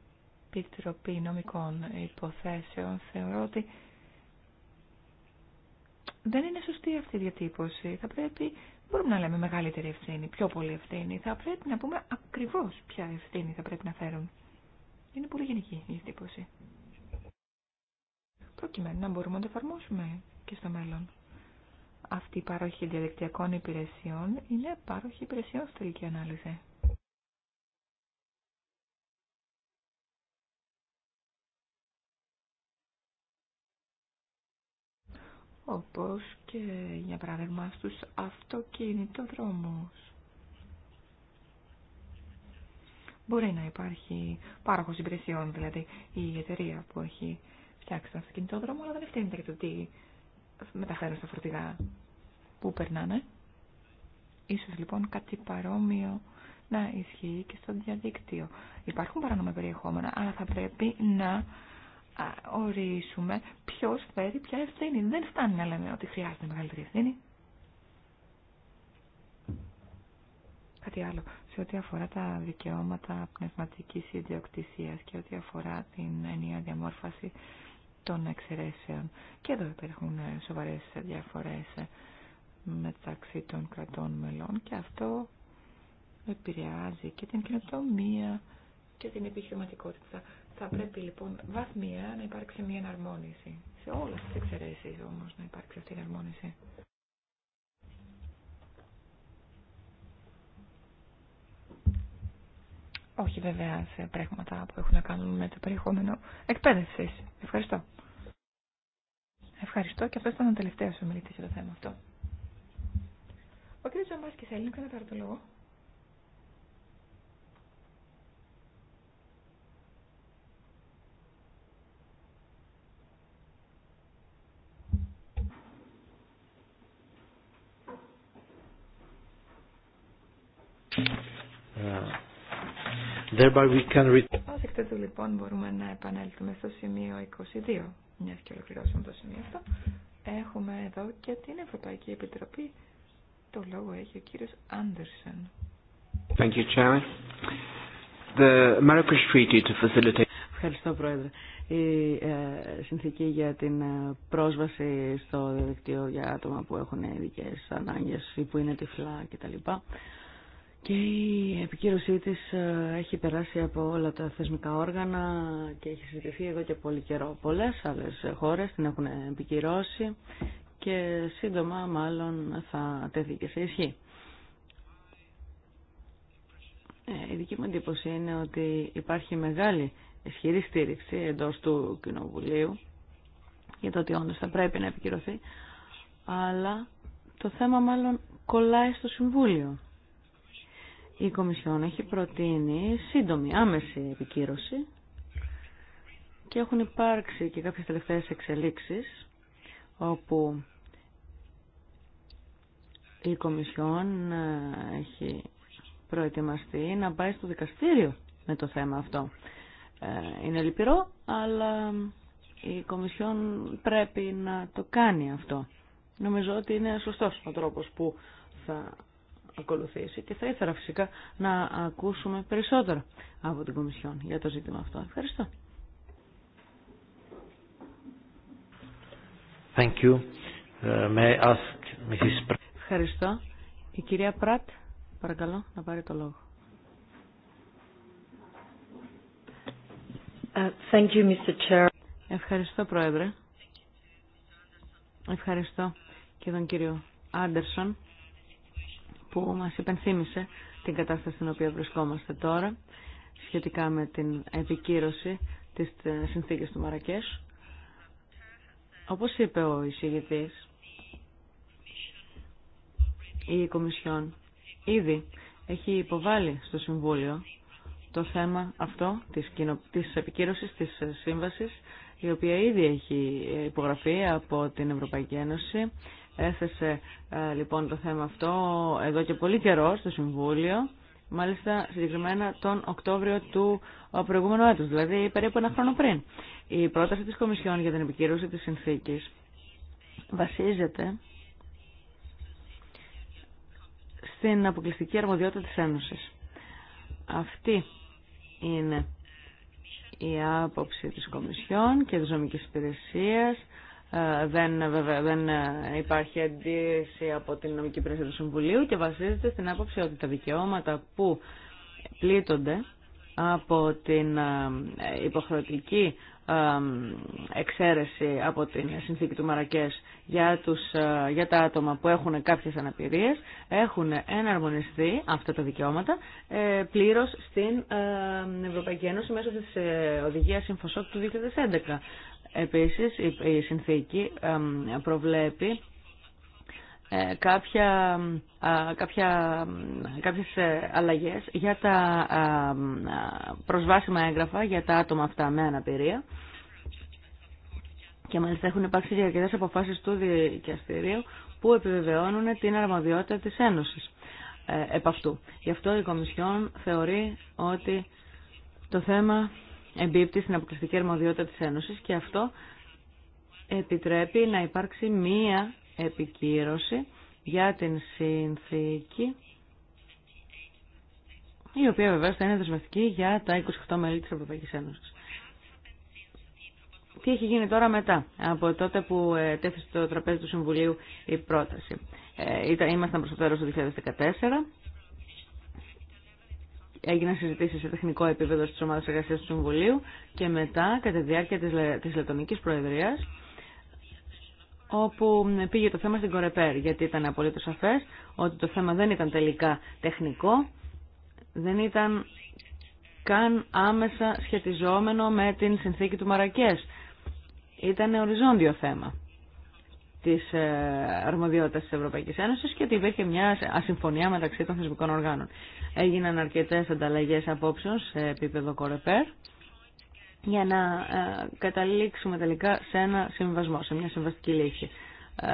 Επιτροπή Νομικών Υποθέσεων θεωρώ ότι δεν είναι σωστή αυτή η διατύπωση. Θα πρέπει, μπορούμε να λέμε μεγαλύτερη ευθύνη, πιο πολύ ευθύνη. Θα πρέπει να πούμε ακριβώς ποια ευθύνη θα πρέπει να φέρουν. Είναι πολύ γενική η διατύπωση. Προκειμένου να μπορούμε να το εφαρμόσουμε και στο μέλλον αυτή η παροχή διαδικτυακών υπηρεσιών είναι παροχή υπηρεσιών στη τελική ανάλυση. όπως και για παράδειγμα στους αυτοκινητοδρόμους. Μπορεί να υπάρχει πάροχος υπηρεσιών, δηλαδή η εταιρεία που έχει φτιάξει τον αυτοκινητόδρομο, αλλά δεν φταίνεται για το τι μεταφέρουν στα φορτηγά που περνάνε. Ίσως λοιπόν κάτι παρόμοιο να ισχύει και στο διαδίκτυο. Υπάρχουν παράνομα περιεχόμενα, αλλά θα πρέπει να ορίσουμε ποιο φέρει ποια ευθύνη. Δεν φτάνει να λέμε ότι χρειάζεται μεγαλύτερη ευθύνη. Κάτι άλλο, σε ό,τι αφορά τα δικαιώματα πνευματικής ιδιοκτησία και ό,τι αφορά την ενιαία διαμόρφωση των εξαιρέσεων. Και εδώ υπάρχουν σοβαρέ διαφορές μεταξύ των κρατών μελών και αυτό επηρεάζει και την κοινοτομία και την επιχειρηματικότητα. Θα πρέπει λοιπόν βαθμία να υπάρξει μια εναρμόνιση. Σε όλες τις εξαιρέσεις όμως να υπάρξει αυτή η εναρμόνιση. Όχι βέβαια σε πράγματα που έχουν να κάνουν με το περιεχόμενο εκπαίδευση. Ευχαριστώ. Ευχαριστώ και αυτό ήταν ο τελευταίο ομιλητή για το θέμα αυτό. Ο κ. Τζαμπάσκη θέλει να πάρουν το λόγο. Ε, λοιπόν μπορούμε να επανέλθουμε στο σημείο 22, μια και ολοκληρώσουμε το σημείο αυτό. Έχουμε εδώ και την Ευρωπαϊκή Επιτροπή το λόγο έχει ο κύριος Άντερσεν. Ευχαριστώ, Πρόεδρε. Η ε, συνθήκη για την ε, πρόσβαση στο δικτύο για άτομα που έχουν ειδικέ ανάγκε ή που είναι τυφλά κτλ. Και η επικύρωσή της ε, έχει περάσει από όλα τα θεσμικά όργανα και έχει συζητηθεί εδώ και πολύ καιρό. Πολλές άλλες χώρες την έχουν επικυρώσει και σύντομα μάλλον θα τεθεί και σε ισχύ. Ε, η δική μου εντύπωση είναι ότι υπάρχει μεγάλη ισχυρή στήριξη εντός του Κοινοβουλίου για το ότι όντως θα πρέπει να επικυρωθεί, αλλά το θέμα μάλλον κολλάει στο Συμβούλιο. Η Κομισιόν έχει προτείνει σύντομη, άμεση επικύρωση και έχουν υπάρξει και κάποιες τελευταίες εξελίξεις όπου η Κομισιόν ε, έχει προετοιμαστεί να πάει στο δικαστήριο με το θέμα αυτό. Ε, είναι λυπηρό, αλλά η Κομισιόν πρέπει να το κάνει αυτό. Νομίζω ότι είναι σωστός ο τρόπος που θα ακολουθήσει και θα ήθελα φυσικά να ακούσουμε περισσότερο από την Κομισιόν για το ζήτημα αυτό. Ευχαριστώ. Thank you. Uh, may I ask Mrs. Ευχαριστώ. Η κυρία Πράτ, παρακαλώ να πάρει το λόγο. Ε, thank you, Mr. Ευχαριστώ, Πρόεδρε. Ευχαριστώ και τον κύριο Άντερσον που μας υπενθύμησε την κατάσταση στην οποία βρισκόμαστε τώρα σχετικά με την επικύρωση της συνθήκης του Μαρακές. Όπως είπε ο εισηγητής, η Κομισιόν ήδη έχει υποβάλει στο Συμβούλιο το θέμα αυτό της, κοινο... της επικύρωσης της σύμβασης η οποία ήδη έχει υπογραφεί από την Ευρωπαϊκή Ένωση. Έθεσε ε, λοιπόν το θέμα αυτό εδώ και πολύ καιρό στο Συμβούλιο, μάλιστα συγκεκριμένα τον Οκτώβριο του προηγούμενου έτους, δηλαδή περίπου ένα χρόνο πριν. Η πρόταση της Κομισιόν για την επικύρωση της συνθήκης βασίζεται στην αποκλειστική αρμοδιότητα της Ένωσης. Αυτή είναι η άποψη της Κομισιόν και της Ζωμικής Υπηρεσίας. Ε, δεν, δεν υπάρχει αντίρρηση από την νομική υπηρεσία του Συμβουλίου και βασίζεται στην άποψη ότι τα δικαιώματα που πλήττονται από την ε, υποχρεωτική εξαίρεση από την συνθήκη του Μαρακές για, τους, ε, για τα άτομα που έχουν κάποιες αναπηρίες έχουν εναρμονιστεί αυτά τα δικαιώματα ε, πλήρως στην Ευρωπαϊκή Ένωση μέσω της ε, οδηγίας Συμφωσόκ του 2011. Επίσης η συνθήκη προβλέπει ε, κάποια, κάποια, κάποιες ε, αλλαγές για τα προσβάσιμα έγγραφα για τα άτομα αυτά με αναπηρία και μάλιστα έχουν υπάρξει και αρκετές αποφάσεις του δικαστηρίου που επιβεβαιώνουν την αρμοδιότητα της Ένωσης ε, επ' αυτού. Γι' αυτό η Κομισιόν θεωρεί ότι το θέμα εμπίπτει στην αποκλειστική αρμοδιότητα της Ένωσης και αυτό επιτρέπει να υπάρξει μία επικύρωση για την συνθήκη η οποία βεβαίως θα είναι δεσμευτική για τα 28 μέλη της Ευρωπαϊκής Ένωσης. Τι έχει γίνει τώρα μετά, από τότε που ε, τέθησε το τραπέζι του Συμβουλίου η πρόταση. Ε, ήμασταν προς το τέλος του 2014 έγιναν συζητήσεις σε τεχνικό επίπεδο στις ομάδες εργασίας του Συμβουλίου και μετά, κατά τη διάρκεια της Λετωνική Προεδρία, όπου πήγε το θέμα στην Κορεπέρ, γιατί ήταν απολύτω σαφέ ότι το θέμα δεν ήταν τελικά τεχνικό, δεν ήταν καν άμεσα σχετιζόμενο με την συνθήκη του Μαρακές. Ήταν οριζόντιο θέμα της ε, αρμοδιότητας της Ευρωπαϊκής Ένωσης και ότι υπήρχε μια ασυμφωνία μεταξύ των θεσμικών οργάνων. Έγιναν αρκετές ανταλλαγές απόψεων σε επίπεδο Κορεπέρ για να ε, καταλήξουμε τελικά σε ένα συμβασμό, σε μια συμβαστική λύση. Ε,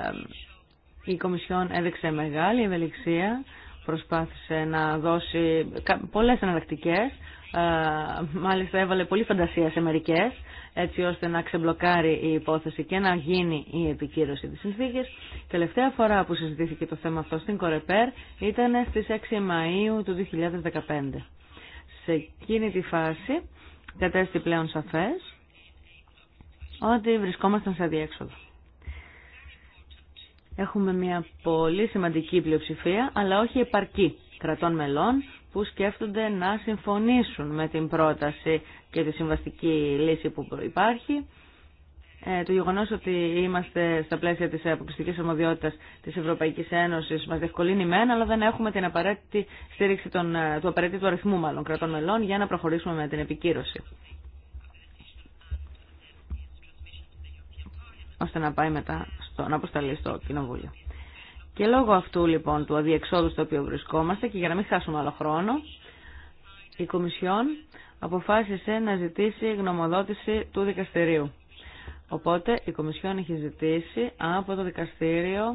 η Κομισιόν έδειξε μεγάλη ευελιξία, προσπάθησε να δώσει πολλές εναλλακτικέ, ε, μάλιστα έβαλε πολύ φαντασία σε μερικές, έτσι ώστε να ξεμπλοκάρει η υπόθεση και να γίνει η επικύρωση της συνθήκης. Τελευταία φορά που συζητήθηκε το θέμα αυτό στην Κορεπέρ ήταν στις 6 Μαΐου του 2015. Σε εκείνη τη φάση κατέστη πλέον σαφές ότι βρισκόμασταν σε αδιέξοδο. Έχουμε μια πολύ σημαντική πλειοψηφία, αλλά όχι επαρκή κρατών μελών που σκέφτονται να συμφωνήσουν με την πρόταση και τη συμβαστική λύση που υπάρχει ε, το γεγονό ότι είμαστε στα πλαίσια τη αποκλειστική αρμοδιότητα τη Ευρωπαϊκή Ένωση μα διευκολύνει μεν, αλλά δεν έχουμε την απαραίτητη στήριξη των, ε, του απαραίτητου αριθμού μάλλον κρατών μελών για να προχωρήσουμε με την επικύρωση. ώστε να πάει μετά στο, να αποσταλεί στο Κοινοβούλιο. Και λόγω αυτού λοιπόν του αδιεξόδου στο οποίο βρισκόμαστε και για να μην χάσουμε άλλο χρόνο, η Κομισιόν αποφάσισε να ζητήσει γνωμοδότηση του δικαστηρίου Οπότε η Κομισιόν έχει ζητήσει από το δικαστήριο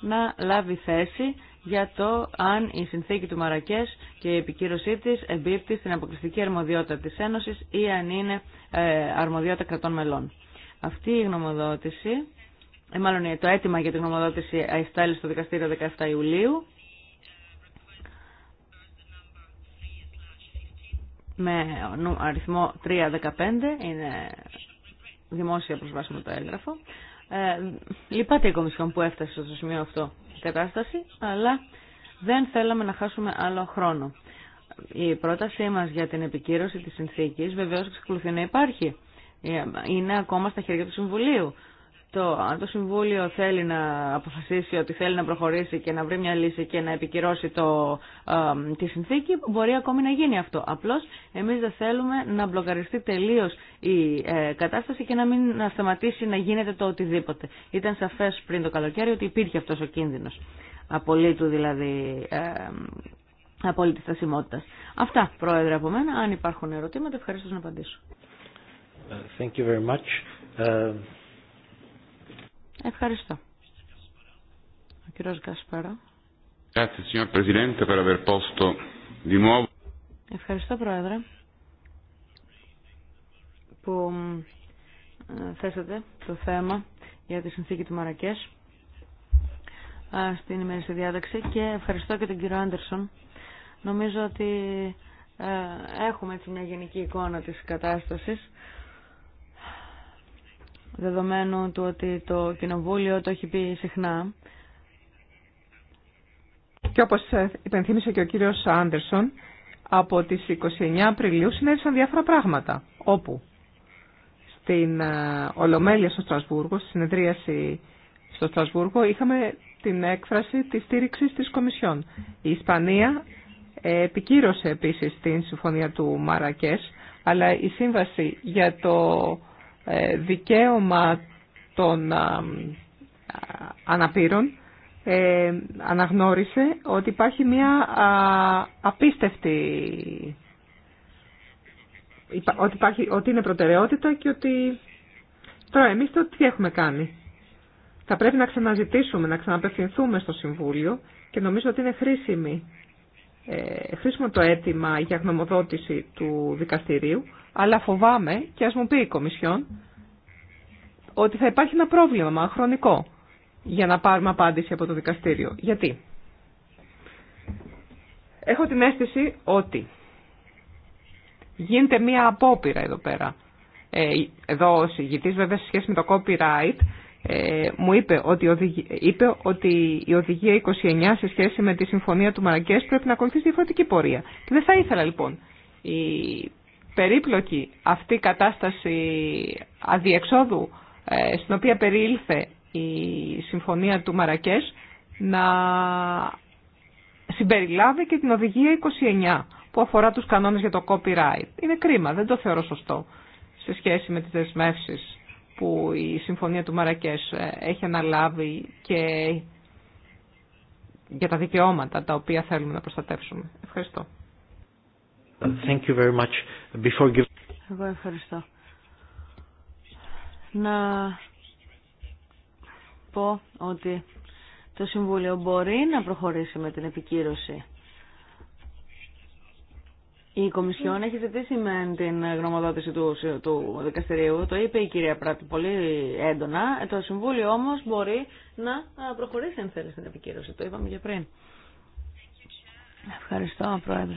να λάβει θέση για το αν η συνθήκη του Μαρακές και η επικύρωσή της εμπίπτει στην αποκλειστική αρμοδιότητα της Ένωσης ή αν είναι ε, αρμοδιότητα κρατών μελών. Αυτή η γνωμοδότηση, ε, μάλλον το αίτημα για τη γνωμοδότηση αιστάλλει στο δικαστήριο 17 Ιουλίου με αριθμό 315 είναι δημόσια προσβάσιμο το έγγραφο. Ε, λυπάται η Κομισιόν που έφτασε στο σημείο αυτό η κατάσταση, αλλά δεν θέλαμε να χάσουμε άλλο χρόνο. Η πρότασή μας για την επικύρωση της συνθήκης βεβαίως εξακολουθεί να υπάρχει. Ε, είναι ακόμα στα χέρια του Συμβουλίου το, αν το Συμβούλιο θέλει να αποφασίσει ότι θέλει να προχωρήσει και να βρει μια λύση και να επικυρώσει το, τη συνθήκη, μπορεί ακόμη να γίνει αυτό. Απλώς εμείς δεν θέλουμε να μπλοκαριστεί τελείως η ε, κατάσταση και να μην να σταματήσει να γίνεται το οτιδήποτε. Ήταν σαφές πριν το καλοκαίρι ότι υπήρχε αυτός ο κίνδυνος. Απολύτου δηλαδή... Ε, απόλυτη στασιμότητα. Αυτά, Πρόεδρε, από μένα. Αν υπάρχουν ερωτήματα, ευχαριστώ να απαντήσω. Thank you very much. Ε, Ευχαριστώ. Ο κύριος Γκασπαρό. Ευχαριστώ, Πρόεδρε, που ε, θέσατε το θέμα για τη συνθήκη του Μαρακές ε, στην ημερήσια διάταξη και ευχαριστώ και τον κύριο Άντερσον. Νομίζω ότι ε, έχουμε έτσι μια γενική εικόνα της κατάστασης δεδομένου του ότι το Κοινοβούλιο το έχει πει συχνά. Και όπως ε, υπενθύμισε και ο κύριος Άντερσον, από τις 29 Απριλίου συνέβησαν διάφορα πράγματα, όπου στην ε, Ολομέλεια στο Στρασβούργο, στη συνεδρίαση στο Στρασβούργο, είχαμε την έκφραση της στήριξης της Κομισιόν. Η Ισπανία ε, επικύρωσε επίσης την συμφωνία του Μαρακές, αλλά η σύμβαση για το ε, δικαίωμα των ε, αναπήρων ε, αναγνώρισε ότι υπάρχει μια απίστευτη ότι, υπάρχει, ότι είναι προτεραιότητα και ότι τώρα εμείς το τι έχουμε κάνει. Θα πρέπει να ξαναζητήσουμε, να ξαναπευθυνθούμε στο Συμβούλιο και νομίζω ότι είναι χρήσιμη, ε, χρήσιμο το αίτημα για γνωμοδότηση του δικαστηρίου αλλά φοβάμαι, και ας μου πει η Κομισιόν, ότι θα υπάρχει ένα πρόβλημα χρονικό για να πάρουμε απάντηση από το δικαστήριο. Γιατί. Έχω την αίσθηση ότι γίνεται μία απόπειρα εδώ πέρα. Ε, εδώ ο συγγητής βέβαια σε σχέση με το copyright ε, μου είπε ότι, είπε ότι η οδηγία 29 σε σχέση με τη συμφωνία του Μαρακές πρέπει να ακολουθήσει διαφορετική πορεία. Και δεν θα ήθελα λοιπόν η περίπλοκη αυτή η κατάσταση αδιεξόδου ε, στην οποία περιήλθε η συμφωνία του Μαρακές να συμπεριλάβει και την οδηγία 29 που αφορά τους κανόνες για το copyright. Είναι κρίμα, δεν το θεωρώ σωστό σε σχέση με τις δεσμεύσει που η συμφωνία του Μαρακές ε, έχει αναλάβει και για τα δικαιώματα τα οποία θέλουμε να προστατεύσουμε. Ευχαριστώ. Thank you very much. Before Εγώ ευχαριστώ. Να πω ότι το Συμβούλιο μπορεί να προχωρήσει με την επικύρωση. Η Κομισιόν έχει ζητήσει με την γνωμοδότηση του, του δικαστηρίου, το είπε η κυρία Πράτη πολύ έντονα, το Συμβούλιο όμως μπορεί να προχωρήσει αν θέλει στην επικύρωση, το είπαμε και πριν. Ευχαριστώ, Πρόεδρε.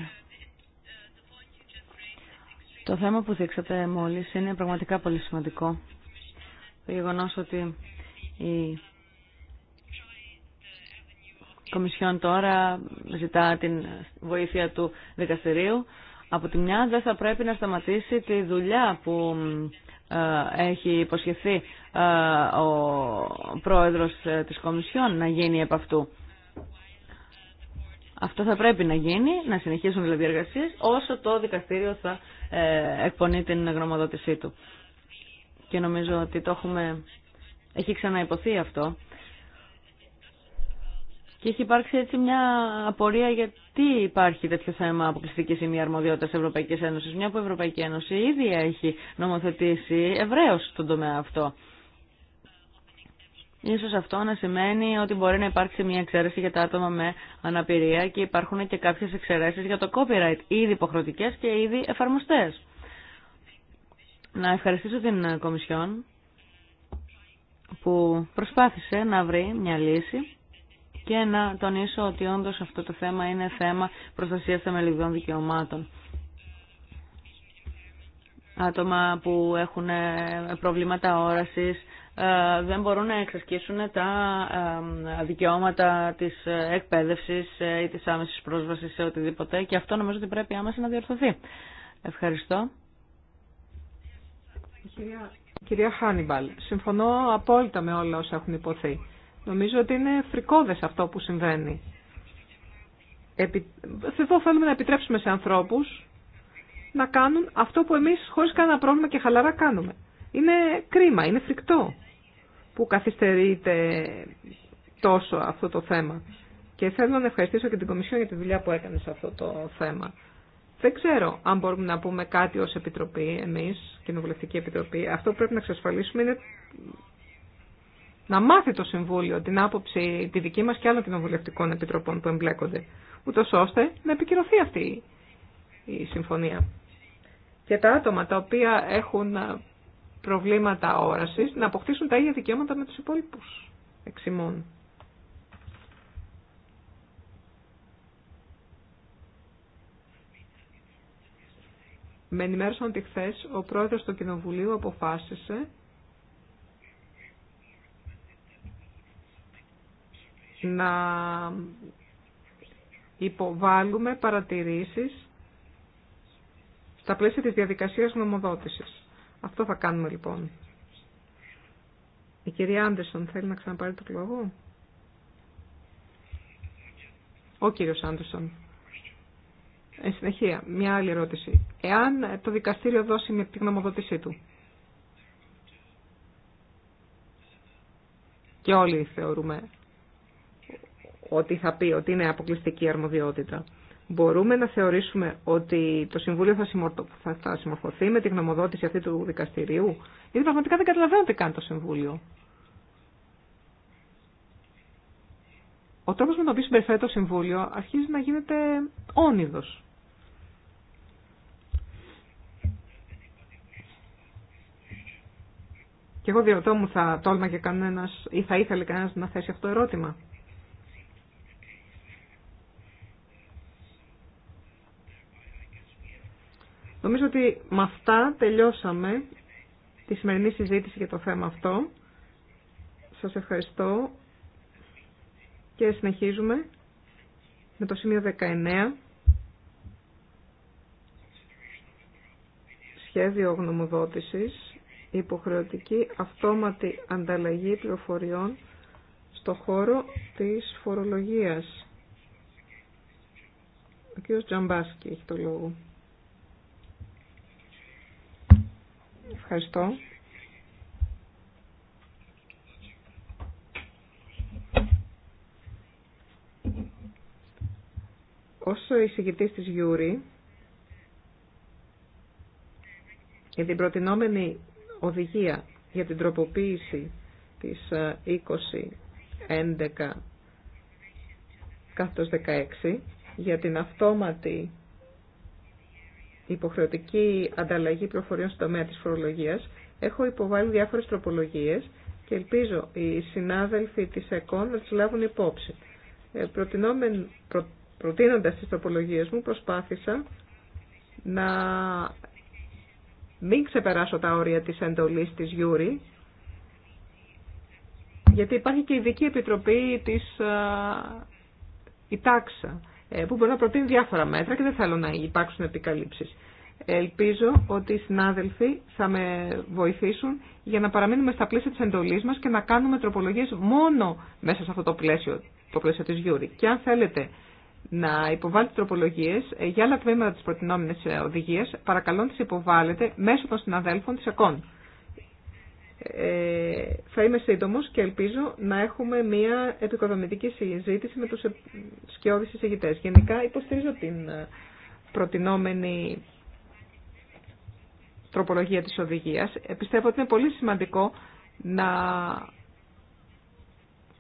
Το θέμα που δείξατε μόλις είναι πραγματικά πολύ σημαντικό. Το γεγονό ότι η Κομισιόν τώρα ζητά την βοήθεια του δικαστηρίου. Από τη μια δεν θα πρέπει να σταματήσει τη δουλειά που ε, έχει υποσχεθεί ε, ο πρόεδρος ε, της Κομισιόν να γίνει επ' αυτού. Αυτό θα πρέπει να γίνει, να συνεχίσουν δηλαδή οι εργασίες, όσο το δικαστήριο θα ε, εκπονεί την γνωμοδότησή του. Και νομίζω ότι το έχουμε... Έχει ξαναϋποθεί αυτό. Και έχει υπάρξει έτσι μια απορία γιατί υπάρχει τέτοιο θέμα αποκλειστική ή μη αρμοδιότητα Ευρωπαϊκή Ένωση, μια που η Ευρωπαϊκή Ένωση ήδη έχει νομοθετήσει ευρέω τον τομέα αυτό. Ίσως αυτό να σημαίνει ότι μπορεί να υπάρξει μια εξαίρεση για τα άτομα με αναπηρία και υπάρχουν και κάποιες εξαιρέσεις για το copyright, ήδη υποχρεωτικέ και ήδη εφαρμοστές. Να ευχαριστήσω την Κομισιόν που προσπάθησε να βρει μια λύση και να τονίσω ότι όντως αυτό το θέμα είναι θέμα προστασίας θεμελιδών δικαιωμάτων. Άτομα που έχουν ε, προβλήματα όρασης, ε, δεν μπορούν να εξασκήσουν τα ε, δικαιώματα της εκπαίδευσης ε, ή της άμεσης πρόσβασης σε οτιδήποτε και αυτό νομίζω ότι πρέπει άμεσα να διορθωθεί. Ευχαριστώ. Κυρία, κυρία Χάνιμπαλ, συμφωνώ απόλυτα με όλα όσα έχουν υποθεί. Νομίζω ότι είναι φρικόδες αυτό που συμβαίνει. Επι... Εδώ θέλουμε να επιτρέψουμε σε ανθρώπους να κάνουν αυτό που εμείς χωρίς κανένα πρόβλημα και χαλαρά κάνουμε. Είναι κρίμα, είναι φρικτό που καθυστερείται τόσο αυτό το θέμα. Και θέλω να ευχαριστήσω και την Κομισιόν για τη δουλειά που έκανε σε αυτό το θέμα. Δεν ξέρω αν μπορούμε να πούμε κάτι ως Επιτροπή, εμείς, Κοινοβουλευτική Επιτροπή. Αυτό που πρέπει να εξασφαλίσουμε είναι να μάθει το Συμβούλιο την άποψη τη δική μας και άλλων κοινοβουλευτικών επιτροπών που εμπλέκονται, ούτω ώστε να επικυρωθεί αυτή η συμφωνία. Και τα άτομα τα οποία έχουν προβλήματα όρασης να αποκτήσουν τα ίδια δικαιώματα με τους υπόλοιπους εξημών. Με ενημέρωσαν ότι χθε ο πρόεδρος του Κοινοβουλίου αποφάσισε να υποβάλουμε παρατηρήσεις στα πλαίσια της διαδικασίας νομοδότησης. Αυτό θα κάνουμε λοιπόν. Η κυρία Άντερσον θέλει να ξαναπάρει το λόγο. Ο κύριος Άντερσον. Εν συνεχεία, μια άλλη ερώτηση. Εάν ε, το δικαστήριο δώσει με τη γνωμοδότησή του και όλοι θεωρούμε ότι θα πει ότι είναι αποκλειστική αρμοδιότητα μπορούμε να θεωρήσουμε ότι το Συμβούλιο θα, συμμορφωθεί με τη γνωμοδότηση αυτή του δικαστηρίου. Γιατί πραγματικά δεν καταλαβαίνω τι κάνει το Συμβούλιο. Ο τρόπο με τον οποίο συμπεριφέρει το Συμβούλιο αρχίζει να γίνεται όνειδος. Και εγώ διαρωτώ μου θα τόλμα και κανένας ή θα ήθελε κανένας να θέσει αυτό το ερώτημα. ότι με αυτά τελειώσαμε τη σημερινή συζήτηση για το θέμα αυτό. Σας ευχαριστώ και συνεχίζουμε με το σημείο 19. Σχέδιο γνωμοδότησης, υποχρεωτική αυτόματη ανταλλαγή πληροφοριών στο χώρο της φορολογίας. Ο κ. Τζαμπάσκι έχει το λόγο. Ευχαριστώ. Όσο εισηγητής της Γιούρη για την προτινόμενη οδηγία για την τροποποίηση της 2011 ε, 16 για την αυτόματη υποχρεωτική ανταλλαγή πληροφοριών στο τομέα της φορολογίας, έχω υποβάλει διάφορες τροπολογίες και ελπίζω οι συνάδελφοι της ΕΚΟΝ να τις λάβουν υπόψη. Ε, προ, προτείνοντας τις τροπολογίες μου, προσπάθησα να μην ξεπεράσω τα όρια της εντολής της Γιούρη, γιατί υπάρχει και η ειδική επιτροπή της ΙΤΑΞΑ. Ε, ε, που μπορεί να προτείνει διάφορα μέτρα και δεν θέλω να υπάρξουν επικαλύψεις. Ελπίζω ότι οι συνάδελφοι θα με βοηθήσουν για να παραμείνουμε στα πλαίσια της εντολής μας και να κάνουμε τροπολογίες μόνο μέσα σε αυτό το πλαίσιο, το πλαίσιο της Γιούρη. Και αν θέλετε να υποβάλλετε τροπολογίες ε, για άλλα τμήματα της προτινόμενης ε, οδηγίας, παρακαλώ να τις υποβάλλετε μέσω των συναδέλφων της ΕΚΟΝ. Ε, θα είμαι σύντομο και ελπίζω να έχουμε μια επικοδομητική συζήτηση με τους σκιώδεις εισηγητές. Γενικά υποστηρίζω την ε, προτινόμενη τροπολογία της οδηγίας. Ε, πιστεύω ότι είναι πολύ σημαντικό να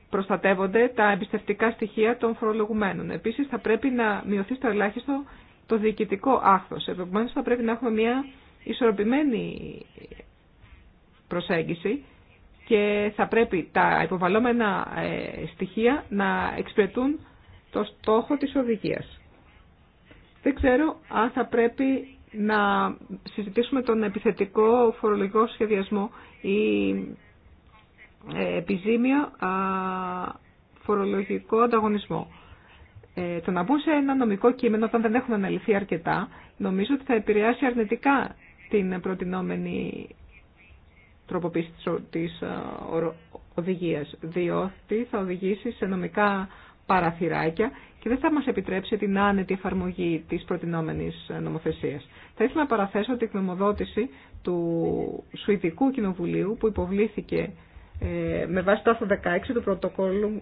προστατεύονται τα εμπιστευτικά στοιχεία των φορολογουμένων. Επίσης θα πρέπει να μειωθεί στο ελάχιστο το διοικητικό άχθος. Επομένως θα πρέπει να έχουμε μια ισορροπημένη προσέγγιση και θα πρέπει τα υποβαλλόμενα ε, στοιχεία να εξυπηρετούν το στόχο της οδηγίας. Δεν ξέρω αν θα πρέπει να συζητήσουμε τον επιθετικό φορολογικό σχεδιασμό ή ε, επιζήμιο φορολογικό ανταγωνισμό. Ε, το να μπουν σε ένα νομικό κείμενο όταν δεν έχουν αναλυθεί αρκετά, νομίζω ότι θα επηρεάσει αρνητικά την προτινόμενη τροποποίηση της ε, οδηγίας, διότι θα οδηγήσει σε νομικά παραθυράκια και δεν θα μας επιτρέψει την άνετη εφαρμογή της προτινόμενης ε, νομοθεσίας. Θα ήθελα να παραθέσω την γνωμοδότηση του Σουηδικού Κοινοβουλίου που υποβλήθηκε ε, με βάση το άρθρο 16 του πρωτοκόλλου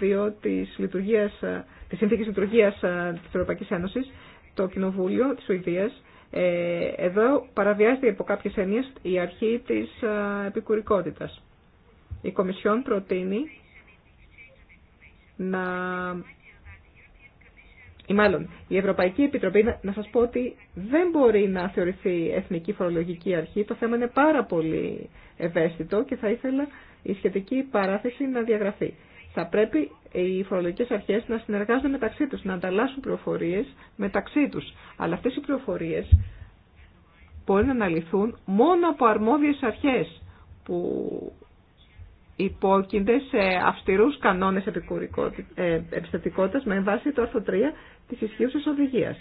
22 της, λειτουργίας, της Συνθήκης Λειτουργίας της Ευρωπαϊκής Ένωσης, το Κοινοβούλιο της Σουηδίας ε, εδώ παραβιάζεται από κάποιες έννοιες η αρχή της ε, επικουρικότητας. Η Κομισιόν προτείνει να... Ή μάλλον, η Ευρωπαϊκή Επιτροπή, να σας πω ότι δεν μπορεί να θεωρηθεί εθνική φορολογική αρχή. Το θέμα είναι πάρα πολύ ευαίσθητο και θα ήθελα η σχετική παράθεση να διαγραφεί. Θα πρέπει οι φορολογικέ αρχέ να συνεργάζονται μεταξύ του, να ανταλλάσσουν πληροφορίε μεταξύ του. Αλλά αυτέ οι πληροφορίε μπορεί να αναλυθούν μόνο από αρμόδιε αρχέ που υπόκεινται σε αυστηρούς κανόνες ε, επιστατικότητας με βάση το άρθρο 3 της τη οδηγία.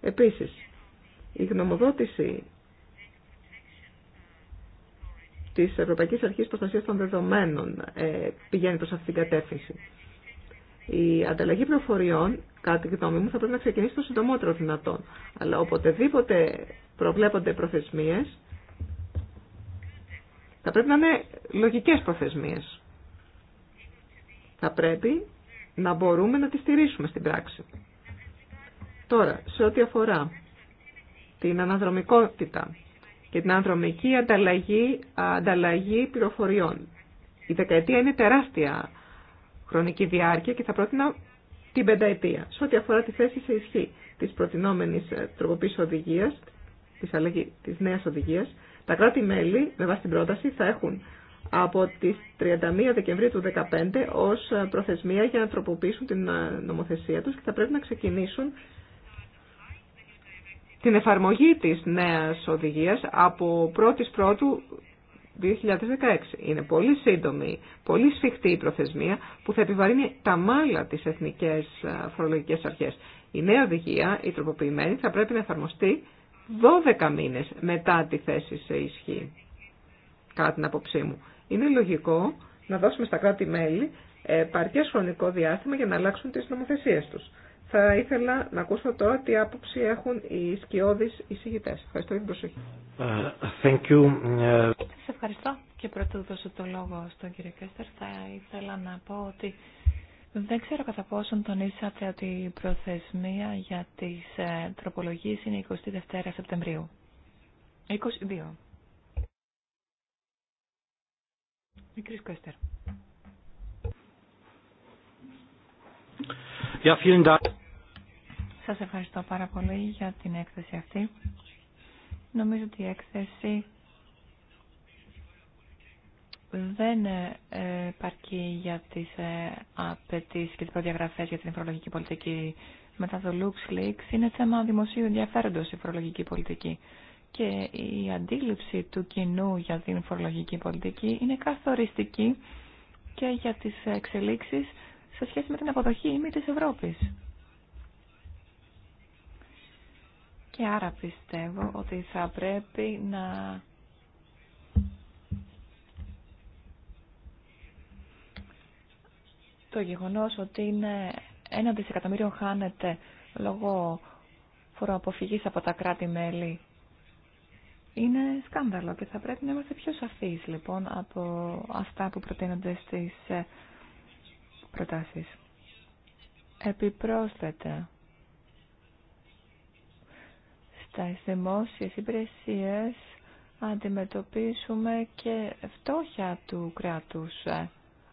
Επίσης, η γνωμοδότηση Τη Ευρωπαϊκή Αρχής Προστασία των Δεδομένων ε, πηγαίνει προς αυτήν την κατεύθυνση. Η ανταλλαγή πληροφοριών, κατά τη γνώμη μου, θα πρέπει να ξεκινήσει το συντομότερο δυνατόν. Αλλά οποτεδήποτε προβλέπονται προθεσμίες, θα πρέπει να είναι λογικές προθεσμίες. Θα πρέπει να μπορούμε να τις στηρίσουμε στην πράξη. Τώρα, σε ό,τι αφορά την αναδρομικότητα και την ανδρομική ανταλλαγή, ανταλλαγή πληροφοριών. Η δεκαετία είναι τεράστια χρονική διάρκεια και θα πρότεινα την πενταετία. Σε ό,τι αφορά τη θέση σε ισχύ τη προτινόμενη ε, τροποποίηση οδηγία, τη αλλαγή τη νέα οδηγία, τα κράτη-μέλη, με βάση την πρόταση, θα έχουν από τις 31 Δεκεμβρίου του 2015 ως ε, προθεσμία για να τροποποιήσουν την ε, νομοθεσία τους και θα πρέπει να ξεκινήσουν την εφαρμογή της νέας οδηγίας από 1η Πρώτου 2016. Είναι πολύ σύντομη, πολύ σφιχτή η προθεσμία που θα επιβαρύνει τα μάλα τις εθνικές φορολογικές αρχές. Η νέα οδηγία, η τροποποιημένη, θα πρέπει να εφαρμοστεί 12 μήνες μετά τη θέση σε ισχύ, κατά την απόψή μου. Είναι λογικό να δώσουμε στα κράτη-μέλη παρκές χρονικό διάστημα για να αλλάξουν τις νομοθεσίες τους. Θα ήθελα να ακούσω τώρα τι άποψη έχουν οι σκιώδεις εισηγητές. Ευχαριστώ για την προσοχή. Ε, ε, Σας ευχαριστώ και πρωτού δώσω το λόγο στον κύριο Κέστερ. Θα ήθελα να πω ότι δεν ξέρω κατά πόσον τονίσατε ότι η προθεσμία για τις ε, τροπολογίες είναι 22 Σεπτεμβρίου. 22. Μικρής Κέστερ. Σας ευχαριστώ πάρα πολύ για την έκθεση αυτή. Νομίζω ότι η έκθεση δεν ε, επαρκεί για τις ε, απαιτήσει και τις προδιαγραφές για την φορολογική πολιτική μετά το LuxLeaks. Είναι θέμα δημοσίου ενδιαφέροντος η φορολογική πολιτική και η αντίληψη του κοινού για την φορολογική πολιτική είναι καθοριστική και για τις εξελίξεις σε σχέση με την αποδοχή ή μη της Ευρώπης. Και άρα πιστεύω ότι θα πρέπει να το γεγονός ότι είναι ένα δισεκατομμύριο χάνεται λόγω φοροαποφυγής από τα κράτη-μέλη είναι σκάνδαλο και θα πρέπει να είμαστε πιο σαφείς λοιπόν από αυτά που προτείνονται στις ε, προτάσεις. Επιπρόσθετα, στις δημόσιες υπηρεσίες αντιμετωπίσουμε και φτώχεια του κράτους, ε,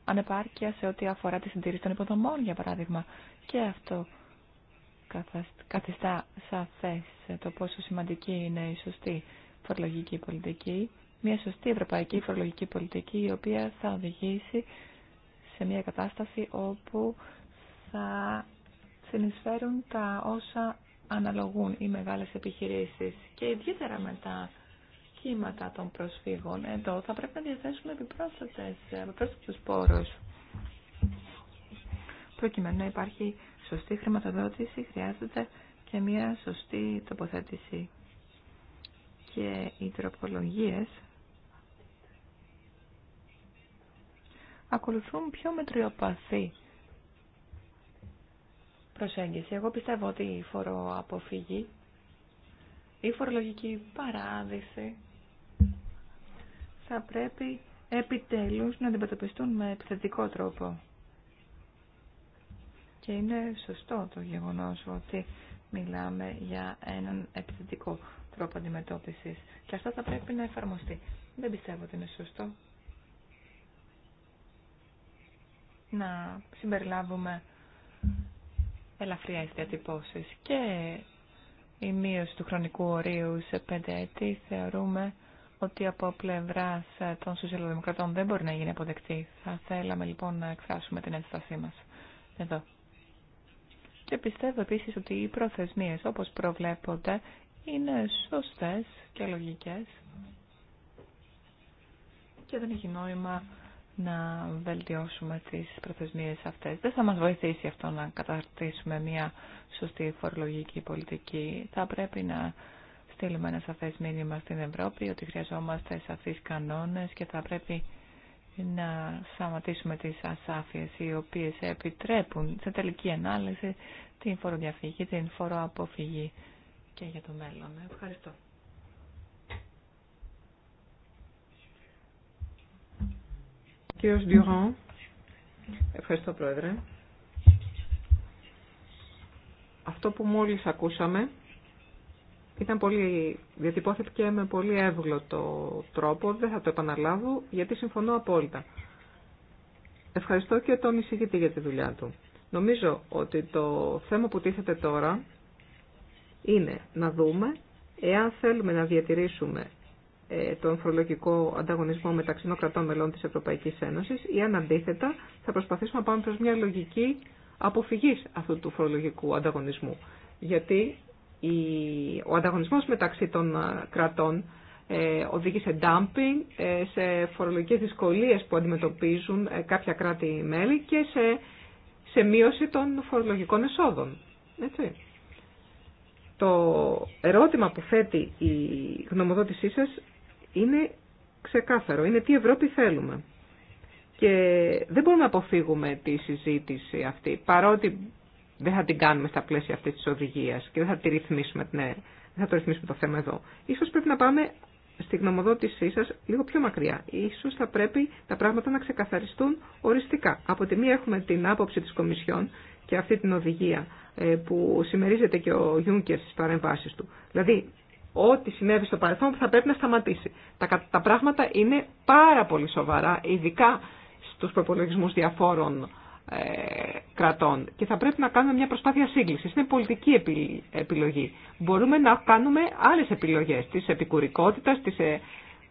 ανεπάρκεια σε ό,τι αφορά τη συντήρηση των υποδομών, για παράδειγμα. Και αυτό καθιστά σαφές ε, το πόσο σημαντική είναι η σωστή φορολογική πολιτική, μια σωστή ευρωπαϊκή φορολογική πολιτική, η οποία θα οδηγήσει σε μια κατάσταση όπου θα συνεισφέρουν τα όσα αναλογούν οι μεγάλες επιχειρήσεις και ιδιαίτερα με τα κύματα των προσφύγων. Εδώ θα πρέπει να διαθέσουμε επιπρόσθετους πόρους. Προκειμένου να υπάρχει σωστή χρηματοδότηση χρειάζεται και μια σωστή τοποθέτηση. Και οι τροπολογίες ακολουθούν πιο μετριοπαθή προσέγγιση. Εγώ πιστεύω ότι η φοροαποφυγή, η φορολογική παράδειση θα πρέπει επιτέλους να αντιμετωπιστούν με επιθετικό τρόπο. Και είναι σωστό το γεγονός ότι μιλάμε για έναν επιθετικό τρόπο αντιμετώπισης και αυτό θα πρέπει να εφαρμοστεί. Δεν πιστεύω ότι είναι σωστό να συμπεριλάβουμε ελαφριά διατυπώσεις και η μείωση του χρονικού ορίου σε πέντε έτη θεωρούμε ότι από πλευρά των σοσιαλδημοκρατών δεν μπορεί να γίνει αποδεκτή. Θα θέλαμε λοιπόν να εκφράσουμε την ένστασή μας εδώ. Και πιστεύω επίσης ότι οι προθεσμίες όπως προβλέπονται είναι σωστές και λογικές και δεν έχει νόημα να βελτιώσουμε τις προθεσμίες αυτές. Δεν θα μας βοηθήσει αυτό να καταρτήσουμε μια σωστή φορολογική πολιτική. Θα πρέπει να στείλουμε ένα σαφές μήνυμα στην Ευρώπη ότι χρειαζόμαστε σαφείς κανόνες και θα πρέπει να σταματήσουμε τις ασάφειες οι οποίες επιτρέπουν σε τελική ανάλυση την φοροδιαφυγή, την φοροαποφυγή και για το μέλλον. Ευχαριστώ. Κύριος Ντιουράν. Ευχαριστώ, Πρόεδρε. Αυτό που μόλις ακούσαμε ήταν πολύ, διατυπώθηκε με πολύ εύγλωτο τρόπο, δεν θα το επαναλάβω, γιατί συμφωνώ απόλυτα. Ευχαριστώ και τον εισηγητή για τη δουλειά του. Νομίζω ότι το θέμα που τίθεται τώρα είναι να δούμε εάν θέλουμε να διατηρήσουμε ε, τον φορολογικό ανταγωνισμό μεταξύ των κρατών μελών της Ευρωπαϊκής Ένωσης ή αν αντίθετα θα προσπαθήσουμε να πάμε προς μια λογική αποφυγής αυτού του φορολογικού ανταγωνισμού. Γιατί ο ανταγωνισμός μεταξύ των ε, κρατών ε, οδηγεί σε dumping, σε φορολογικές δυσκολίες που αντιμετωπίζουν κάποια κράτη-μέλη και σε, σε μείωση των φορολογικών εσόδων. Έτσι. Το ερώτημα που θέτει η γνωμοδότησή σας είναι ξεκάθαρο, είναι τι Ευρώπη θέλουμε. Και δεν μπορούμε να αποφύγουμε τη συζήτηση αυτή, παρότι δεν θα την κάνουμε στα πλαίσια αυτή της οδηγίας και δεν θα, τη ρυθμίσουμε, ναι, θα το ρυθμίσουμε το θέμα εδώ. Ίσως πρέπει να πάμε στη γνωμοδότησή σα λίγο πιο μακριά. Ίσως θα πρέπει τα πράγματα να ξεκαθαριστούν οριστικά. Από τη μία έχουμε την άποψη της Κομισιόν και αυτή την οδηγία ε, που συμμερίζεται και ο Γιούνκερ στις παρεμβάσεις του. Δηλαδή ό,τι συνέβη στο παρελθόν που θα πρέπει να σταματήσει. Τα, τα πράγματα είναι πάρα πολύ σοβαρά, ειδικά στους προπολογισμούς διαφόρων ε, κρατών και θα πρέπει να κάνουμε μια προσπάθεια σύγκλησης. Είναι πολιτική επιλογή. Μπορούμε να κάνουμε άλλες επιλογές, της επικουρικότητας, της, ε,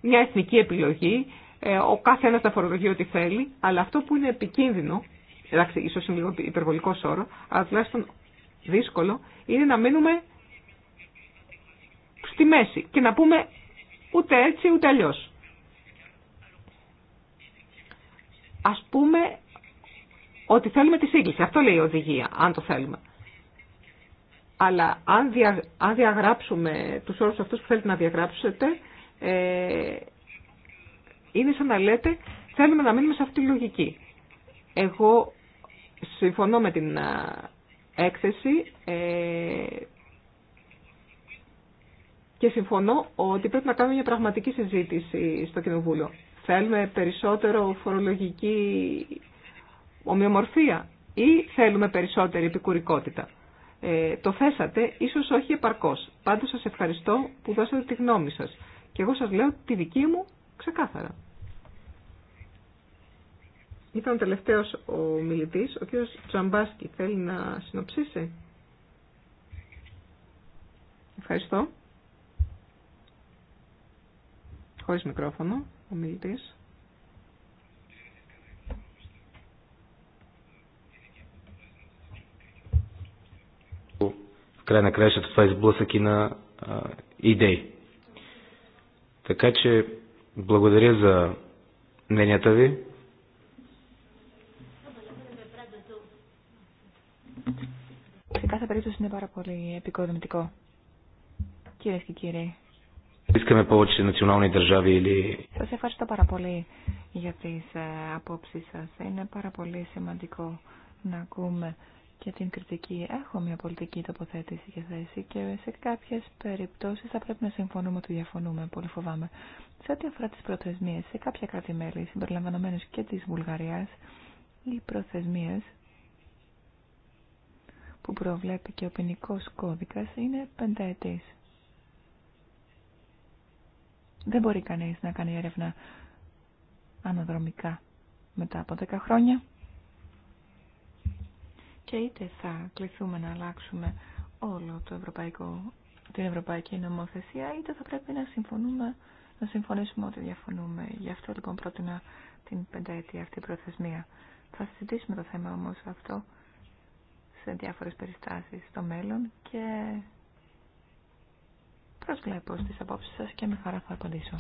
μια εθνική επιλογή, ε, ο κάθε ένας να φορολογεί ό,τι θέλει, αλλά αυτό που είναι επικίνδυνο, εντάξει, ίσως είναι λίγο υπερβολικό όρο, αλλά τουλάχιστον δύσκολο, είναι να μείνουμε στη μέση και να πούμε ούτε έτσι ούτε αλλιώ. Ας πούμε ότι θέλουμε τη σύγκληση. Αυτό λέει η οδηγία, αν το θέλουμε. Αλλά αν, διαγράψουμε τους όρους αυτούς που θέλετε να διαγράψετε, ε, είναι σαν να λέτε θέλουμε να μείνουμε σε αυτή τη λογική. Εγώ συμφωνώ με την ε, έκθεση, ε, και συμφωνώ ότι πρέπει να κάνουμε μια πραγματική συζήτηση στο Κοινοβούλιο. Θέλουμε περισσότερο φορολογική ομοιομορφία ή θέλουμε περισσότερη επικουρικότητα. Ε, το θέσατε, ίσως όχι επαρκώς. Πάντως σας ευχαριστώ που δώσατε τη γνώμη σας. Και εγώ σας λέω τη δική μου ξεκάθαρα. Ήταν ο τελευταίος ο μιλητής, ο κύριος Τζαμπάσκι. Θέλει να συνοψίσει. Ευχαριστώ χωρίς μικρόφωνο, ο μιλητής. края на краищата това изблъсъки на а, идеи. Така че благодаря за мненията ви. Σε κάθε περίπτωση είναι πάρα πολύ επικοδομητικό. Κυρίε και κύριοι, σα ευχαριστώ πάρα πολύ για τι ε, απόψει σας. Είναι πάρα πολύ σημαντικό να ακούμε και την κριτική. Έχω μια πολιτική τοποθέτηση και θέση και σε κάποιε περιπτώσει θα πρέπει να συμφωνούμε ότι διαφωνούμε, πολύ φοβάμαι. Σε ό,τι αφορά τι προθεσμίε, σε κάποια κράτη-μέλη, συμπεριλαμβανομένως και τη Βουλγαρία, οι προθεσμίε που προβλέπει και ο ποινικό κώδικα είναι πενταετής. Δεν μπορεί κανείς να κάνει έρευνα αναδρομικά μετά από 10 χρόνια. Και είτε θα κληθούμε να αλλάξουμε όλο το ευρωπαϊκό, την ευρωπαϊκή νομοθεσία, είτε θα πρέπει να συμφωνούμε, να συμφωνήσουμε ότι διαφωνούμε. Γι' αυτό λοιπόν πρότεινα την πενταετία αυτή προθεσμία. Θα συζητήσουμε το θέμα όμως αυτό σε διάφορες περιστάσεις στο μέλλον Προσβλέπω στις απόψεις σας και με χαρά θα απαντήσω.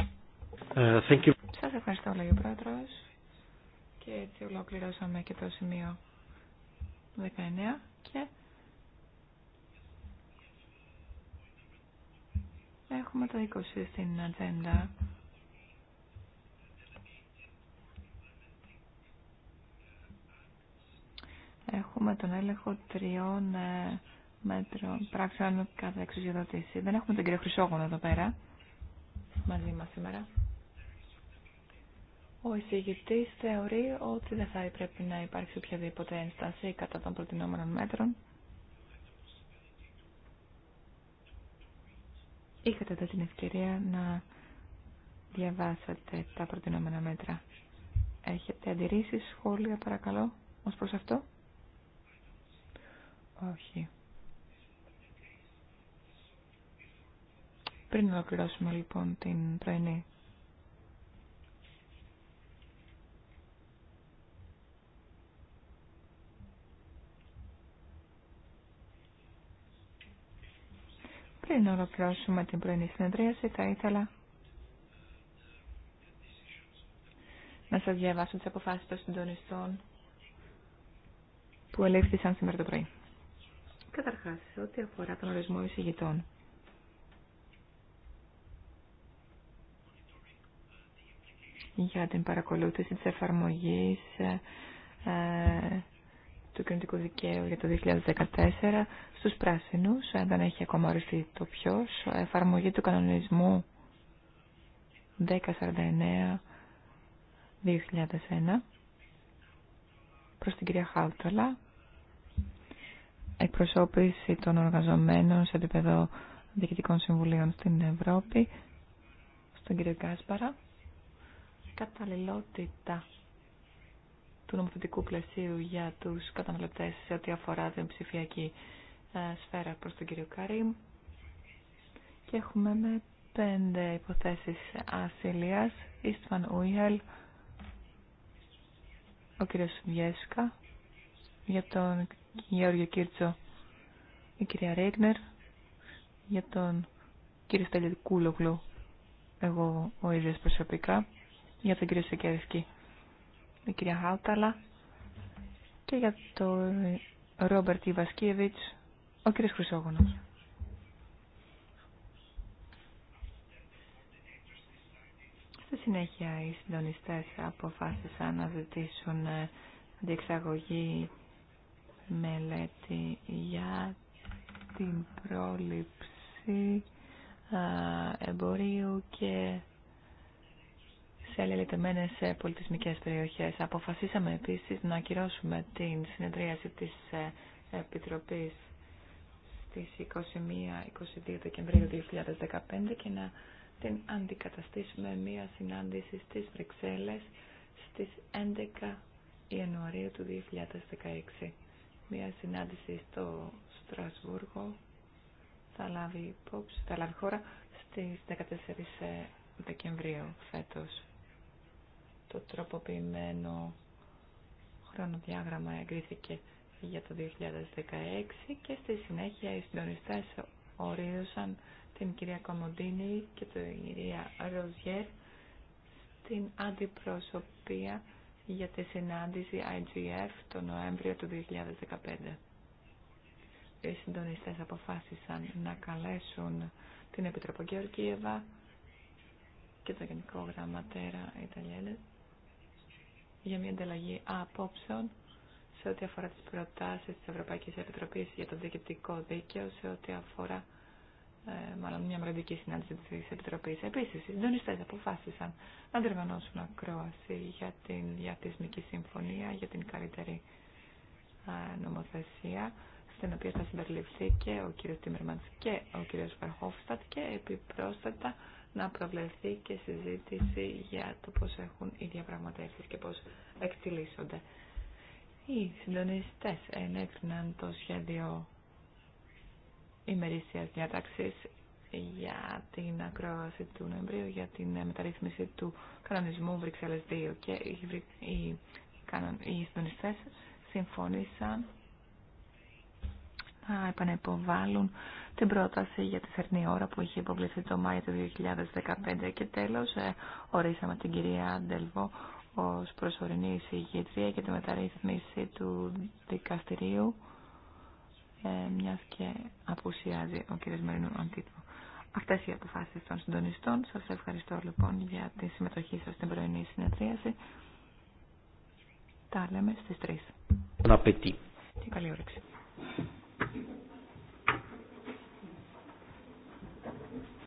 Uh, thank you. Σας ευχαριστώ, λέει ο Πρόεδρος. Και έτσι ολοκληρώσαμε και το σημείο 19 και έχουμε το 20 στην ατζέντα. Έχουμε τον έλεγχο τριών ε, μέτρο πράξεων κάθε εξουσιοδότηση. Δεν έχουμε τον κύριο Χρυσόγωνο εδώ πέρα μαζί μας σήμερα. Ο εισηγητής θεωρεί ότι δεν θα πρέπει να υπάρξει οποιαδήποτε ένσταση κατά των προτινόμενων μέτρων. Είχατε εδώ την ευκαιρία να διαβάσετε τα προτινόμενα μέτρα. Έχετε αντιρρήσεις, σχόλια παρακαλώ, ως προς αυτό. Όχι. Πριν ολοκληρώσουμε λοιπόν την πρωινή. Πριν ολοκληρώσουμε την πρωινή συνεδρίαση, θα ήθελα να σας διαβάσω τις αποφάσεις των συντονιστών που ελήφθησαν σήμερα το πρωί. Καταρχάς, ό,τι αφορά τον ορισμό εισηγητών. για την παρακολούθηση της εφαρμογής ε, ε, του κοινωνικού δικαίου για το 2014 στους πράσινους, ε, δεν έχει ακόμα οριστεί το ποιος, εφαρμογή του κανονισμού 1049-2001 προς την κυρία Χάουταλα, εκπροσώπηση των οργαζομένων σε επίπεδο διοικητικών συμβουλίων στην Ευρώπη, στον κύριο Κάσπαρα καταλληλότητα του νομοθετικού πλαισίου για τους καταναλωτές σε ό,τι αφορά την ψηφιακή ε, σφαίρα προς τον κύριο Κάριμ. Και έχουμε με πέντε υποθέσεις ασυλίας, Ιστβαν Ουιχελ, ο κύριος Βιέσκα, για τον Γεώργιο Κίρτσο, η κυρία Ρέγνερ, για τον κύριο Στέλιο Κούλογλου, εγώ ο ίδιος προσωπικά, για τον κύριο Σεκέρισκη, η κυρία Χάουταλα και για τον Ρόμπερτ Ιβασκίεβιτς, ο κύριος Χρυσόγονος. Στη συνέχεια οι συντονιστές αποφάσισαν να ζητήσουν ε, διεξαγωγή μελέτη για την πρόληψη ε, εμπορίου και σε αλληλετημένες πολιτισμικές περιοχές. Αποφασίσαμε επίσης να ακυρώσουμε την συνεδρίαση της ε, Επιτροπής στις 21-22 Δεκεμβρίου 2015 και να την αντικαταστήσουμε μία συνάντηση στις Βρυξέλλες στις 11 Ιανουαρίου του 2016. Μία συνάντηση στο Στρασβούργο θα λάβει, θα λάβει χώρα στις 14 ε, Δεκεμβρίου φέτος το τροποποιημένο χρονοδιάγραμμα εγκρίθηκε για το 2016 και στη συνέχεια οι συντονιστές ορίζουσαν την κυρία Κομοντίνη και την κυρία Ροζιέρ στην αντιπροσωπεία για τη συνάντηση IGF το Νοέμβριο του 2015. Οι συντονιστές αποφάσισαν να καλέσουν την Επιτροπή Γεωργίευα και το Γενικό Γραμματέρα Ιταλιέλες για μια ανταλλαγή απόψεων σε ό,τι αφορά τις προτάσεις της Ευρωπαϊκής Επιτροπής για το διοικητικό δίκαιο, σε ό,τι αφορά ε, μάλλον μια μελλοντική συνάντηση της Επιτροπής. Επίσης, οι συντονιστές αποφάσισαν να διοργανώσουν ακρόαση για την διαθεσμική συμφωνία, για την καλύτερη ε, νομοθεσία, στην οποία θα συμπεριληφθεί και ο κ. Τίμερμαντς και ο κ. Βαρχόφστατ και επιπρόσθετα να προβλεφθεί και συζήτηση για το πώς έχουν οι διαπραγματεύσει και πώς εκτιλήσονται. Οι συντονιστές ενέκριναν το σχέδιο ημερήσιας διάταξης για την ακρόαση του Νοεμβρίου, για την μεταρρύθμιση του κανονισμού Βρυξέλλες 2 και οι, οι, οι συντονιστές συμφώνησαν να επανεποβάλλουν την πρόταση για τη θερινή ώρα που είχε υποβληθεί το Μάιο του 2015 και τέλος ε, ορίσαμε την κυρία Αντελβο ως προσωρινή εισηγήτρια για τη μεταρρύθμιση του δικαστηρίου ε, μιας και απουσιάζει ο κύριος Μερινού Αντίτου. Αυτές οι αποφάσεις των συντονιστών. Σας ευχαριστώ λοιπόν για τη συμμετοχή σας στην πρωινή συνεδρίαση. Τα λέμε στις 3. Και καλή όρεξη.